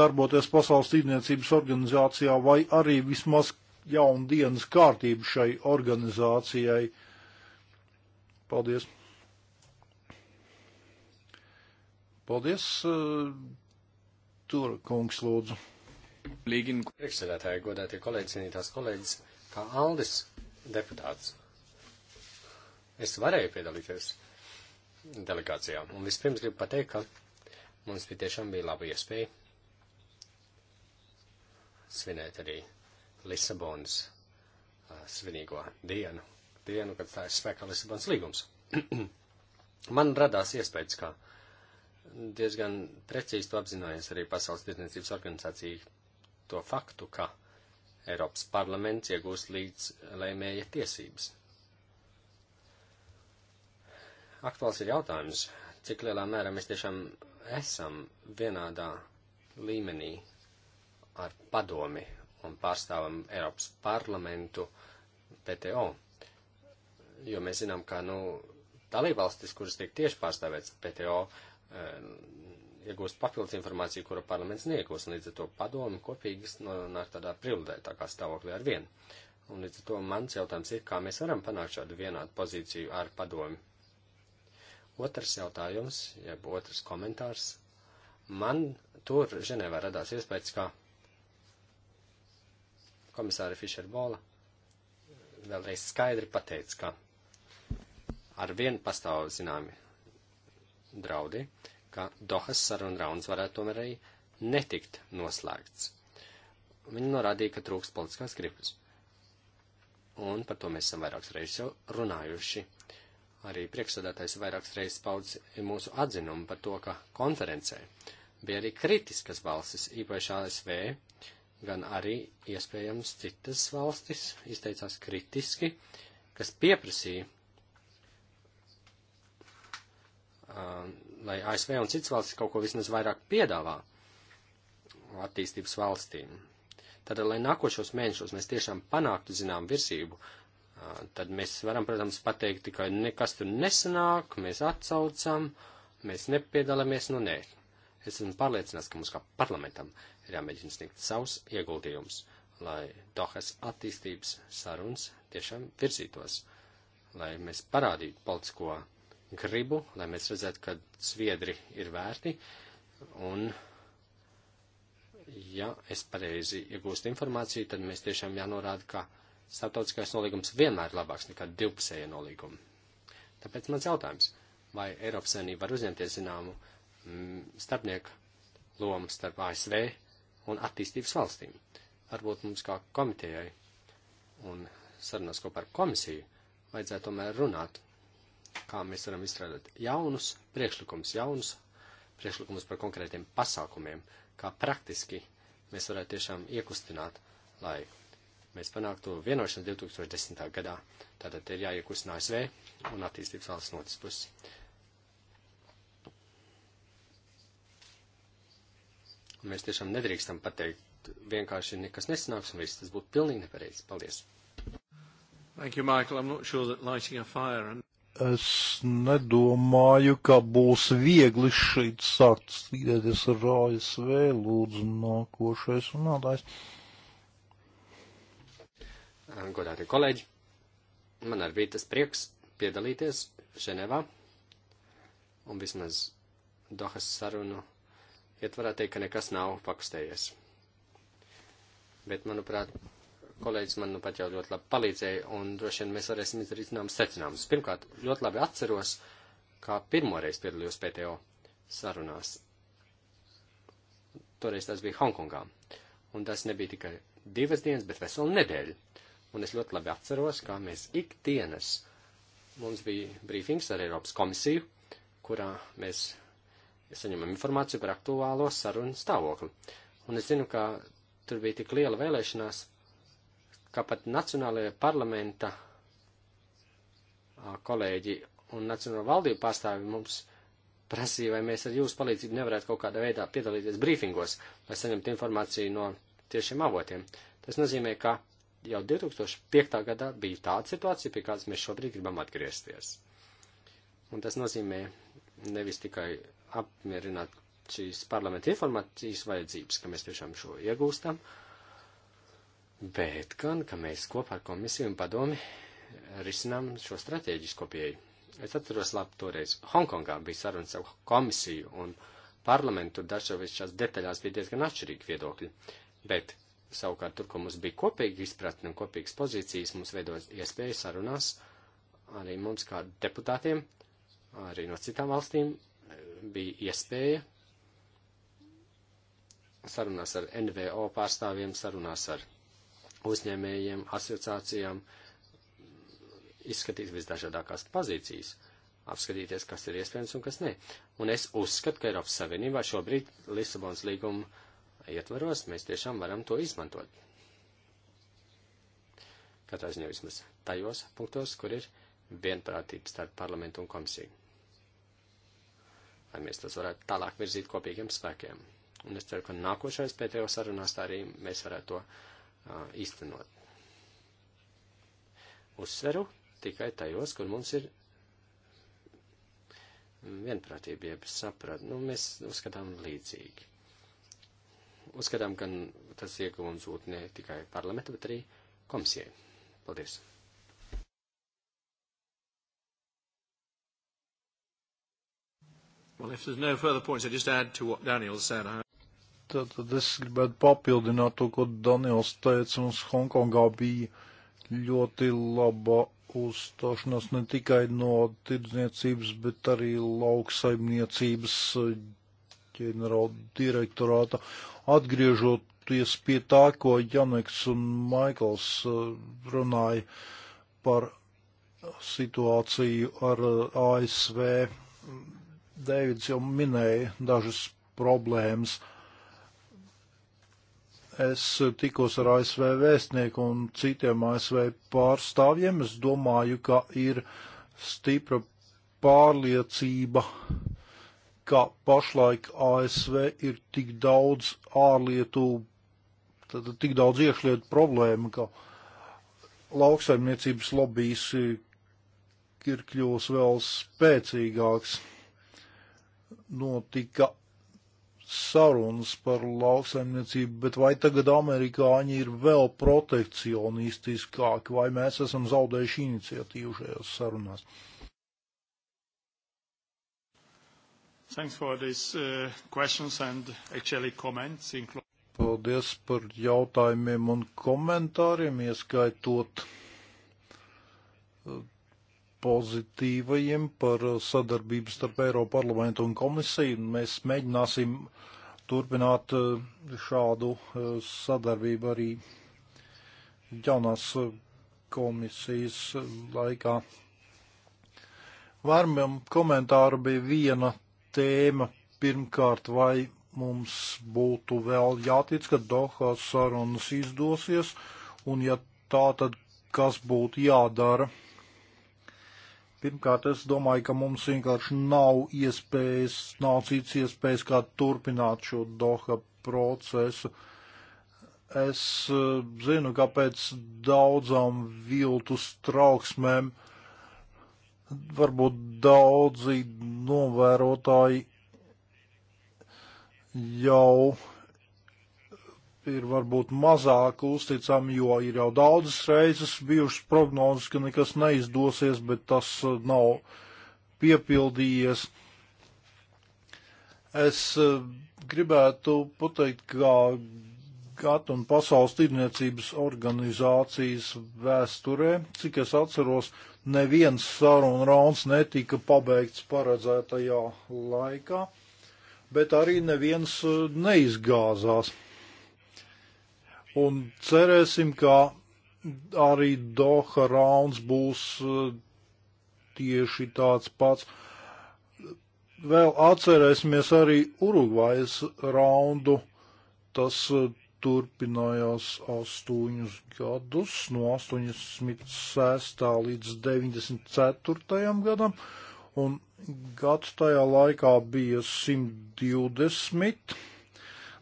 darboties Pasaules tīrniecības organizācijā, vai arī vismaz jaunu dienas kārtību šai organizācijai. Uh, Paldies! Paldies, eh, tur kungs lūdzu. Līgina priekšsēdētāji, godētie kolēģi, cienītās kolēģis, kā Aldis deputāts. Es varēju piedalīties delegācijā, un vispirms gribu pateikt, ka mums bija tiešām bija laba iespēja svinēt arī Lisabonas eh, svinīgo dienu dienu, kad stājas spēkā Lisabonas līgums. Man radās iespējas, ka diezgan precīzi to apzinājies arī Pasaules tirdzniecības organizācija to faktu, ka Eiropas parlaments iegūst līdz lēmēja tiesības. Aktuāls ir jautājums, cik lielā mērā mēs tiešām esam vienādā līmenī ar padomi un pārstāvam Eiropas parlamentu PTO jo mēs zinām, ka, nu, dalībvalstis, kuras tiek tieši pārstāvēts PTO, iegūst papildus informāciju, kuru parlaments neiegūst, un līdz ar to padomu kopīgas nonāk tādā privilētākā stāvoklī ar vienu. Un līdz ar to mans jautājums ir, kā mēs varam panākt šādu vienādu pozīciju ar padomu. Otrs jautājums, jeb otrs komentārs. Man tur Ženēvā radās iespējas, ka komisāra Fišerbola vēlreiz skaidri pateica, ka ar vienu pastāv zināmi draudi, ka Dohas saruna rauns varētu tomēr arī netikt noslēgts. Viņi norādīja, ka trūks politiskās gribas. Un par to mēs esam vairākas reizes jau runājuši. Arī priekšsēdētājs vairākas reizes paudz mūsu atzinumu par to, ka konferencē bija arī kritiskas valstis, īpaši ASV, gan arī iespējams citas valstis izteicās kritiski, kas pieprasīja Uh, lai ASV un citas valstis kaut ko vismaz vairāk piedāvā attīstības valstīm. Tad, lai nākošos mēnešos mēs tiešām panāktu zinām virsību, uh, tad mēs varam, protams, pateikt tikai nu, nekas tur nesanāk, mēs atsaucam, mēs nepiedalāmies, nu nē. Es esmu pārliecināts, ka mums kā parlamentam ir jāmēģina sniegt savus ieguldījumus, lai Dohas attīstības sarunas tiešām virzītos, lai mēs parādītu politisko gribu, lai mēs redzētu, ka sviedri ir vērti, un, ja es pareizi iegūstu informāciju, tad mēs tiešām jānorāda, ka starptautiskais nolīgums vienmēr ir labāks nekā divpusēja nolīguma. Tāpēc mans jautājums, vai Eiropas Savienība var uzņemties zināmu mm, starpnieku lomu starp ASV un attīstības valstīm? Varbūt mums kā komitejai un sarunās kopā ar komisiju vajadzētu tomēr runāt kā mēs varam izstrādāt jaunus priekšlikumus, jaunus priekšlikumus par konkrētiem pasākumiem, kā praktiski mēs varētu tiešām iekustināt, lai mēs panāktu vienošanos 2010. gadā. Tātad ir jāiekustina ASV un attīstības valsts no otras puses. Un mēs tiešām nedrīkstam pateikt, vienkārši nekas nesanāks un viss. Tas būtu pilnīgi nepareizi. Paldies. Thank you, Michael. I'm not sure that lighting a fire and es nedomāju, ka būs viegli šeit sākt strīdēties ar ASV, lūdzu, nākošais runātājs. Godāti kolēģi, man arī bija tas prieks piedalīties Ženevā un vismaz Dohas sarunu ietvarā teikt, ka nekas nav pakstējies. Bet, manuprāt, kolēģis man nu pat jau ļoti labi palīdzēja, un droši vien mēs varēsim izdarīt zināmas secinājumus. Pirmkārt, ļoti labi atceros, kā pirmoreiz piedalījos PTO sarunās. Toreiz tas bija Hongkongā, un tas nebija tikai divas dienas, bet veselu nedēļu. Un es ļoti labi atceros, kā mēs ikdienas mums bija brīfings ar Eiropas komisiju, kurā mēs saņemam informāciju par aktuālo sarunu stāvokli. Un es zinu, ka tur bija tik liela vēlēšanās kā pat Nacionālajā parlamenta kolēģi un Nacionālo valdību pārstāvi mums prasīja, vai mēs ar jūsu palīdzību nevarētu kaut kādā veidā piedalīties brīfingos, lai saņemtu informāciju no tiešiem avotiem. Tas nozīmē, ka jau 2005. gadā bija tāda situācija, pie kādas mēs šobrīd gribam atgriezties. Un tas nozīmē nevis tikai apmierināt šīs parlamenta informācijas vajadzības, ka mēs tiešām šo iegūstam, uh, bet gan, ka mēs kopā ar komisiju un padomi risinām šo strateģisko pieeju. Es atceros labi toreiz, Hongkongā bija sarunas ar komisiju un parlamentu, dažreiz šās detaļās bija diezgan atšķirīgi viedokļi, bet savukārt tur, kur mums bija kopīga izpratne un kopīgas pozīcijas, mums veidojas iespēja sarunās arī mums kā deputātiem, arī no citām valstīm bija iespēja sarunās ar NVO pārstāvjiem, sarunās ar uzņēmējiem, asociācijām izskatīt visdažādākās pozīcijas, apskatīties, kas ir iespējams un kas nē. Un es uzskatu, ka Eiropas Savienībā šobrīd Lisabonas līguma ietvaros mēs tiešām varam to izmantot. Katrā ziņā vismaz tajos punktos, kur ir vienprātība starp parlamentu un komisiju. Lai mēs tos varētu tālāk virzīt kopīgiem spēkiem. Un es ceru, ka nākošais pēdējo sarunās tā arī mēs varētu to īstenot. Uzsveru tikai tajos, kur mums ir vienprātība, jeb saprat, nu, mēs uzskatām līdzīgi. Uzskatām, ka tas ieguvums būtu ne tikai parlamenta, bet arī komisijai. Paldies! Well, if there's no further points, I just add to what Daniel said. I... Tātad es gribētu papildināt to, ko Daniels teica. Mums Hongkongā bija ļoti laba uzstāšanās ne tikai no tirdzniecības, bet arī lauksaimniecības eh, ģenerāla direktorāta. Atgriežoties pie tā, ko Janeks un Maikls eh, runāja par situāciju ar eh, ASV, Deivids jau minēja dažas problēmas. Es tikos ar ASV vēstnieku un citiem ASV pārstāvjiem. Es domāju, ka ir stipra pārliecība, ka pašlaik ASV ir tik daudz ārlietu, tad tik daudz iekšlietu problēma, ka lauksaimniecības lobbyis ir kļuvis vēl spēcīgāks. Notika sarunas par lauksaimniecību, bet vai tagad amerikāņi ir vēl protekcionistiskāki, vai mēs esam zaudējuši iniciatīvu šajās sarunās? Thanks for these uh, questions and actually comments. Paldies par jautājumiem un komentāriem, ieskaitot uh, pozitīvajiem par sadarbību starp Eiropu parlamentu un komisiju. Mēs mēģināsim turpināt eh, šādu eh, sadarbību arī jaunās eh, komisijas laikā. Varmam komentāru bija viena tēma. Pirmkārt, vai mums būtu vēl jātic, ka Dohas sarunas izdosies, un ja tā, tad kas būtu jādara? Pirmkārt, es domāju, ka mums vienkārši nav iespējas, nav cits iespējas, kā turpināt šo Doha procesu. Es eh, zinu, ka pēc daudzām viltus trauksmēm varbūt daudzi novērotāji jau ir varbūt mazāk uzticami, jo ir jau daudzas reizes bijušas prognozes, ka nekas neizdosies, bet tas uh, nav piepildījies. Es uh, gribētu pateikt, ka GATT un Pasaules tirdzniecības organizācijas vēsturē, cik es atceros, neviens sarunu rauns netika pabeigts paredzētajā laikā, bet arī neviens uh, neizgāzās un cerēsim, ka arī Doha rauns būs eh, tieši tāds pats. Vēl atcerēsimies arī Urugvajas raundu. Tas eh, turpinājās astoņus gadus, no 86. līdz 94. gadam, un gads tajā laikā bija 120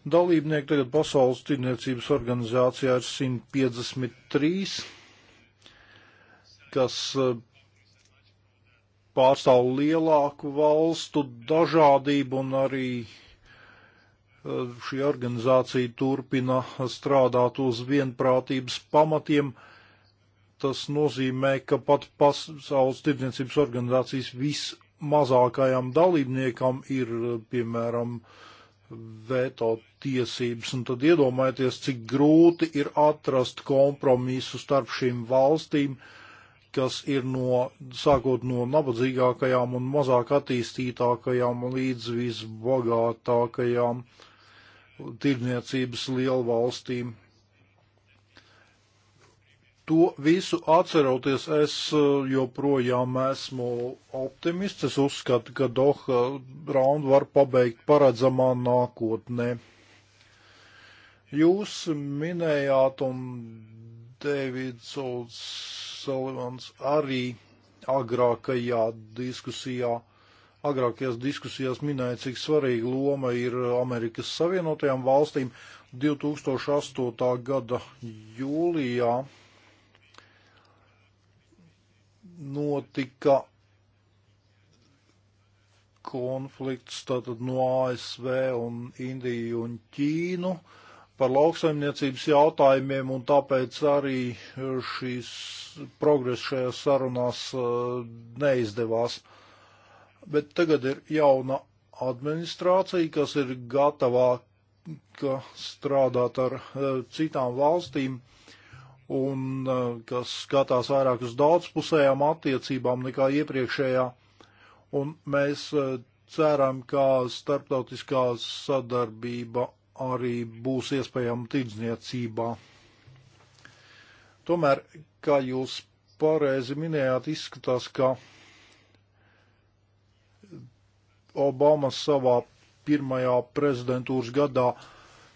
dalībnieki tagad Pasaules tirniecības organizācijā ir 153, kas eh, pārstāv lielāku valstu dažādību un arī eh, šī organizācija turpina strādāt uz vienprātības pamatiem. Tas nozīmē, ka pat Pasaules tirdzniecības organizācijas vismazākajam dalībniekam ir, eh, piemēram, uh, veto tiesības, un tad iedomājieties, cik grūti ir atrast kompromisu starp šīm valstīm, kas ir no, sākot no nabadzīgākajām un mazāk attīstītākajām līdz visbagātākajām tirdzniecības lielvalstīm. valstīm to visu atceroties, es eh, joprojām esmu optimists. Es uzskatu, ka Doha raundu var pabeigt paredzamā nākotnē. Jūs minējāt, un Dēvids Salivans arī agrākajā diskusijā, agrākajās diskusijās minēja, cik svarīga loma ir Amerikas Savienotajām valstīm 2008. gada jūlijā notika konflikts tātad no ASV un Indiju un Ķīnu par lauksaimniecības jautājumiem, un tāpēc arī šīs progress šajās sarunās uh, neizdevās. Bet tagad ir jauna administrācija, kas ir gatavāka strādāt ar uh, citām valstīm. Uh, un kas skatās vairāk uz daudzpusējām attiecībām nekā iepriekšējā. Un mēs ceram, ka starptautiskā sadarbība arī būs iespējama tirdzniecībā. Tomēr, kā jūs pareizi minējāt, izskatās, ka Obama savā pirmajā prezidentūras gadā uh,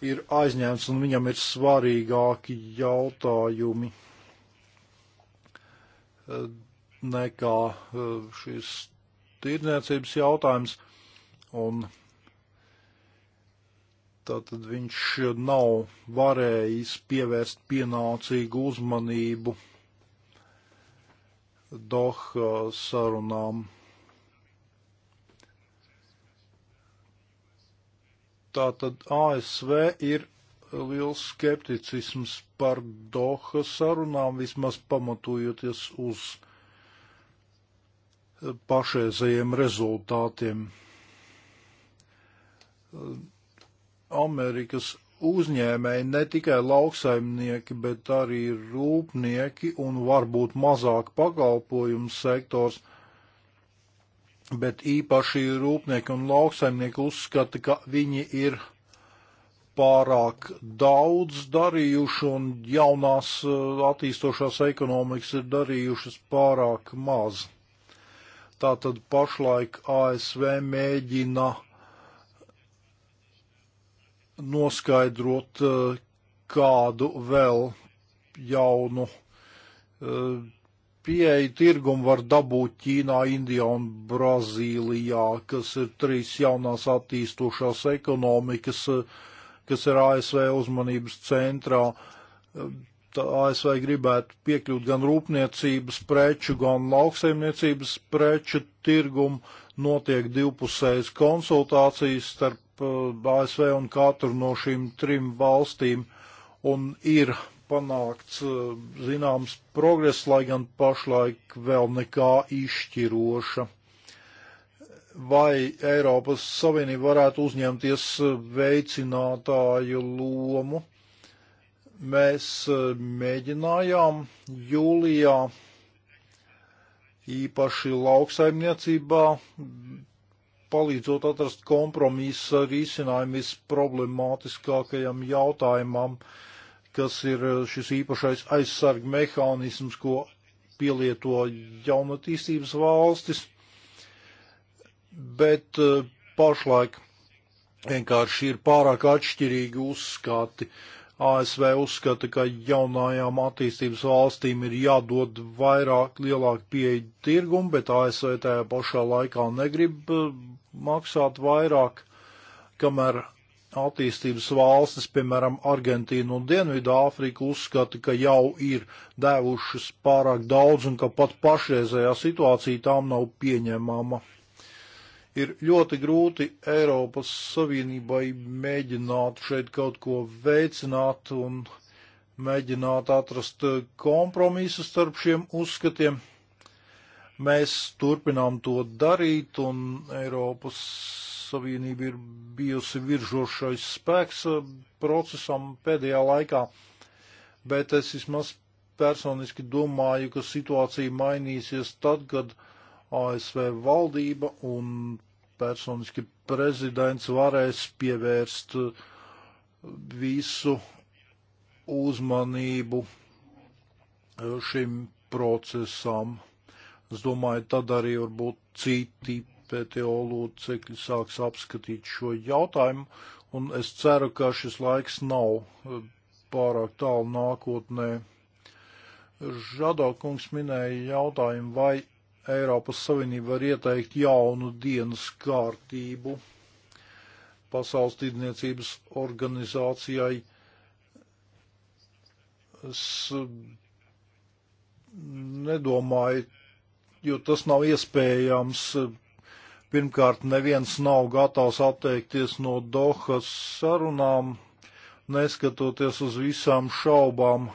ir aizņemts un viņam ir svarīgāki jautājumi eh, nekā eh, šis tirdzniecības jautājums. Un tātad viņš nav varējis pievērst pienācīgu uzmanību Doha sarunām. Tātad ASV ir liels skepticisms par Doha sarunām, vismaz pamatojoties uz pašreizējiem rezultātiem. Amerikas uzņēmēji ne tikai lauksaimnieki, bet arī rūpnieki un varbūt mazāk pakalpojumu sektors bet īpaši rūpnieki un lauksaimnieki uzskata, ka viņi ir pārāk daudz darījuši un jaunās eh, attīstošās ekonomikas ir darījušas pārāk maz. Tātad pašlaik ASV mēģina noskaidrot eh, kādu vēl jaunu eh, pieeja tirgumu var dabūt Ķīnā, Indijā un Brazīlijā, kas ir trīs jaunās attīstošās ekonomikas, kas ir ASV uzmanības centrā. Tā ASV gribētu piekļūt gan rūpniecības preču, gan lauksaimniecības preču tirgumu. Notiek divpusējas konsultācijas starp uh, ASV un katru no šīm trim valstīm un ir panākts eh, zināms progress, lai gan pašlaik vēl nekā izšķiroša. Vai Eiropas Savienība varētu uzņemties eh, veicinātāju lomu? Mēs eh, mēģinājām jūlijā īpaši lauksaimniecībā palīdzot atrast kompromisu risinājumu visproblemātiskākajam jautājumam. Uh, kas ir eh, šis īpašais aizsarga mehānisms, ko pielieto jaunatīstības valstis, bet eh, pašlaik vienkārši ir pārāk atšķirīgi uzskati. ASV uzskata, ka jaunajām attīstības valstīm ir jādod vairāk, lielāka pieeja tirgumu, bet ASV tajā pašā laikā negrib eh, maksāt vairāk, kamēr attīstības valstis, piemēram, Argentīna un Dienvidāfrika, uzskata, ka jau ir devušas pārāk daudz un ka pat pašreizējā situācija tām nav pieņemama. Ir ļoti grūti Eiropas Savienībai mēģināt šeit kaut ko veicināt un mēģināt atrast eh, kompromisu starp šiem uzskatiem. Mēs turpinām to darīt un Eiropas Savienība ir bijusi viržošais spēks uh, procesam pēdējā laikā, bet es vismaz personiski domāju, ka situācija mainīsies tad, kad ASV valdība un personiski prezidents varēs pievērst uh, visu uzmanību uh, šim procesam. Es domāju, tad arī varbūt citi PTO locekļi sāks apskatīt šo jautājumu, un es ceru, ka šis laiks nav eh, pārāk tālu nākotnē. Žado kungs minēja jautājumu, vai Eiropas Savienība var ieteikt jaunu dienas kārtību Pasaules tīrniecības organizācijai. Es eh, nedomāju, jo tas nav iespējams eh, Pirmkārt, neviens nav gatavs atteikties no Dohas sarunām, neskatoties uz visām šaubām.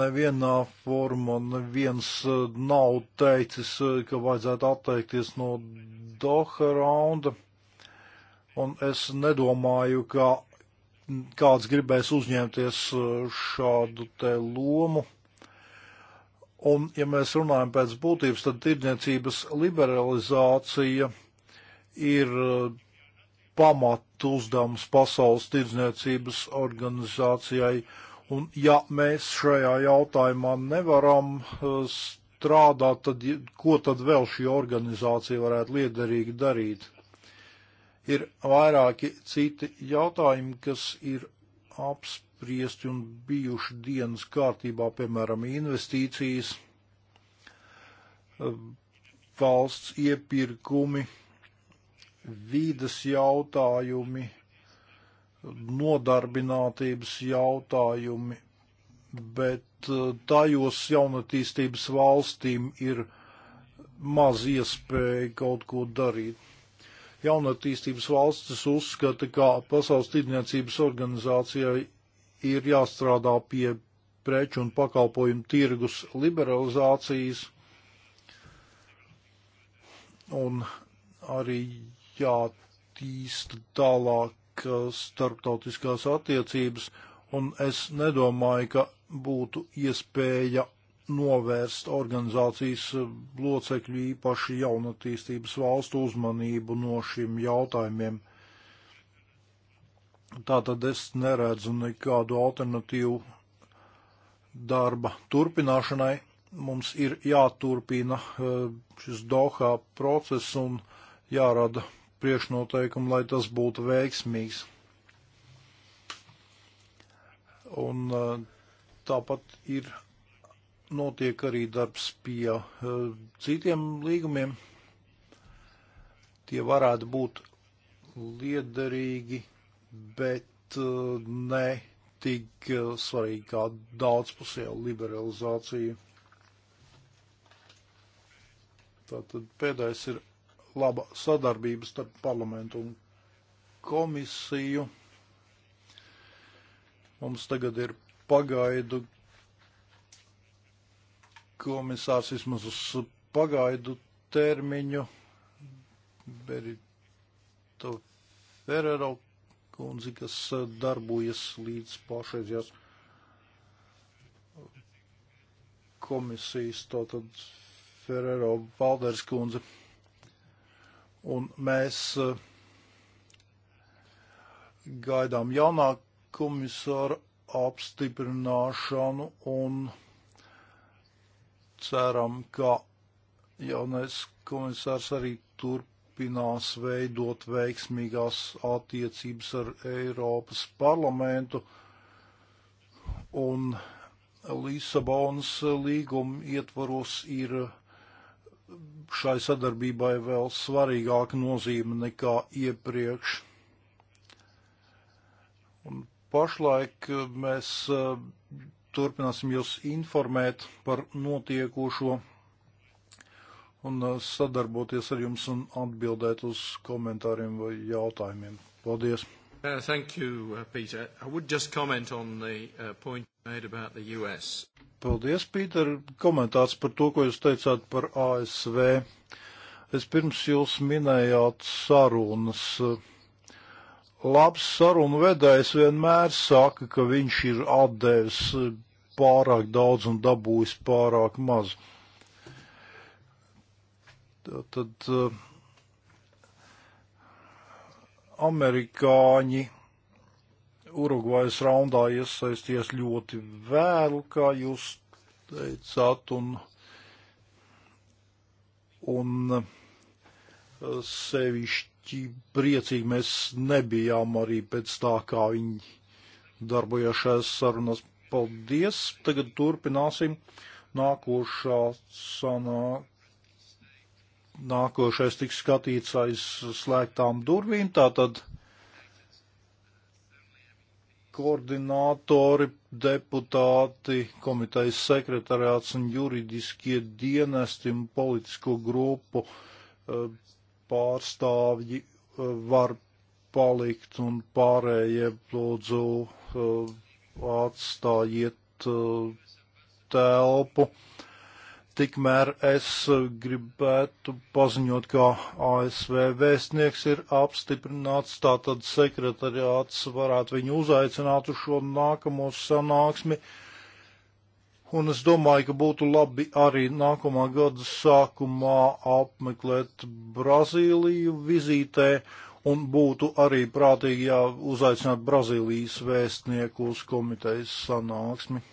Nevienā formā neviens eh, nav teicis, eh, ka vajadzētu atteikties no Doha raunda, un es nedomāju, ka kāds gribēs uzņemties eh, šādu te lomu. Un, ja mēs runājam pēc būtības, tad tirdzniecības liberalizācija ir eh, pamatu uzdevums pasaules tirdzniecības organizācijai. Un, ja mēs šajā jautājumā nevaram eh, strādāt, tad ko tad vēl šī organizācija varētu liederīgi darīt? Ir vairāki citi jautājumi, kas ir apspriesti apspriesti un bijuši dienas kārtībā, piemēram, investīcijas, eh, valsts iepirkumi, vīdas jautājumi, nodarbinātības jautājumi, bet eh, tajos jaunatīstības valstīm ir maz iespēja kaut ko darīt. Jaunatīstības valstis uzskata, ka Pasaules tirdzniecības organizācijai ir jāstrādā pie preču un pakalpojumu tirgus liberalizācijas un arī jātīsta tālāk uh, starptautiskās attiecības, un es nedomāju, ka būtu iespēja novērst organizācijas uh, locekļu īpaši jaunatīstības valstu uzmanību no šiem jautājumiem. Tātad es neredzu nekādu alternatīvu darba turpināšanai. Mums ir jāturpina e, šis Dohā process un jārada priekšnoteikumi, lai tas būtu veiksmīgs. Un e, tāpat ir notiek arī darbs pie e, citiem līgumiem. Tie varētu būt liederīgi bet uh, ne tik uh, svarīgi kā daudzpusēja liberalizācija. Tātad pēdējais ir laba sadarbība starp parlamentu un komisiju. Mums tagad ir pagaidu komisārs vismaz uz pagaidu termiņu. Berito Ferrero kundzi, kas e, darbojas līdz pašreizējās komisijas, tātad Ferrero Balders kundze. Un mēs e, gaidām jaunā komisāra apstiprināšanu un ceram, ka jaunais komisārs arī turpinās turpinās veidot veiksmīgās attiecības ar Eiropas parlamentu un Lisabonas līguma ietvaros ir šai sadarbībai vēl svarīgāka nozīme nekā iepriekš. Un pašlaik mēs eh, turpināsim jūs informēt par notiekošo un uh, sadarboties ar jums un atbildēt uz komentāriem vai jautājumiem. Paldies! Uh, thank you, uh, Peter. I would just comment on the uh, point you made about the US. Paldies, Pīter. Komentārs par to, ko jūs teicāt par ASV. Es pirms jūs minējāt sarunas. Labs sarunu vedējs vienmēr saka, ka viņš ir atdevis pārāk daudz un dabūjis pārāk maz. Uh, Tad eh, amerikāņi Urugvajas raundā iesaisties ļoti vēlu, kā jūs teicāt, un, un eh, sevišķi priecīgi mēs nebijām arī pēc tā, kā viņi darbojās šajās sarunās. Paldies! Tagad turpināsim nākošā sanāk nākošais tiks skatīts aiz slēgtām durvīm, tātad koordinātori, deputāti, komitejas sekretariāts un juridiskie dienesti un politisko grupu eh, pārstāvji eh, var palikt un pārējie lūdzu eh, atstājiet telpu. Uh, Tikmēr es gribētu paziņot, ka ASV vēstnieks ir apstiprināts, tātad sekretariāts varētu viņu uzaicināt uz šo nākamo sanāksmi. Un es domāju, ka būtu labi arī nākamā gada sākumā apmeklēt Brazīliju vizītē un būtu arī prātīgi, ja uzaicinātu Brazīlijas vēstnieku uz komitejas sanāksmi.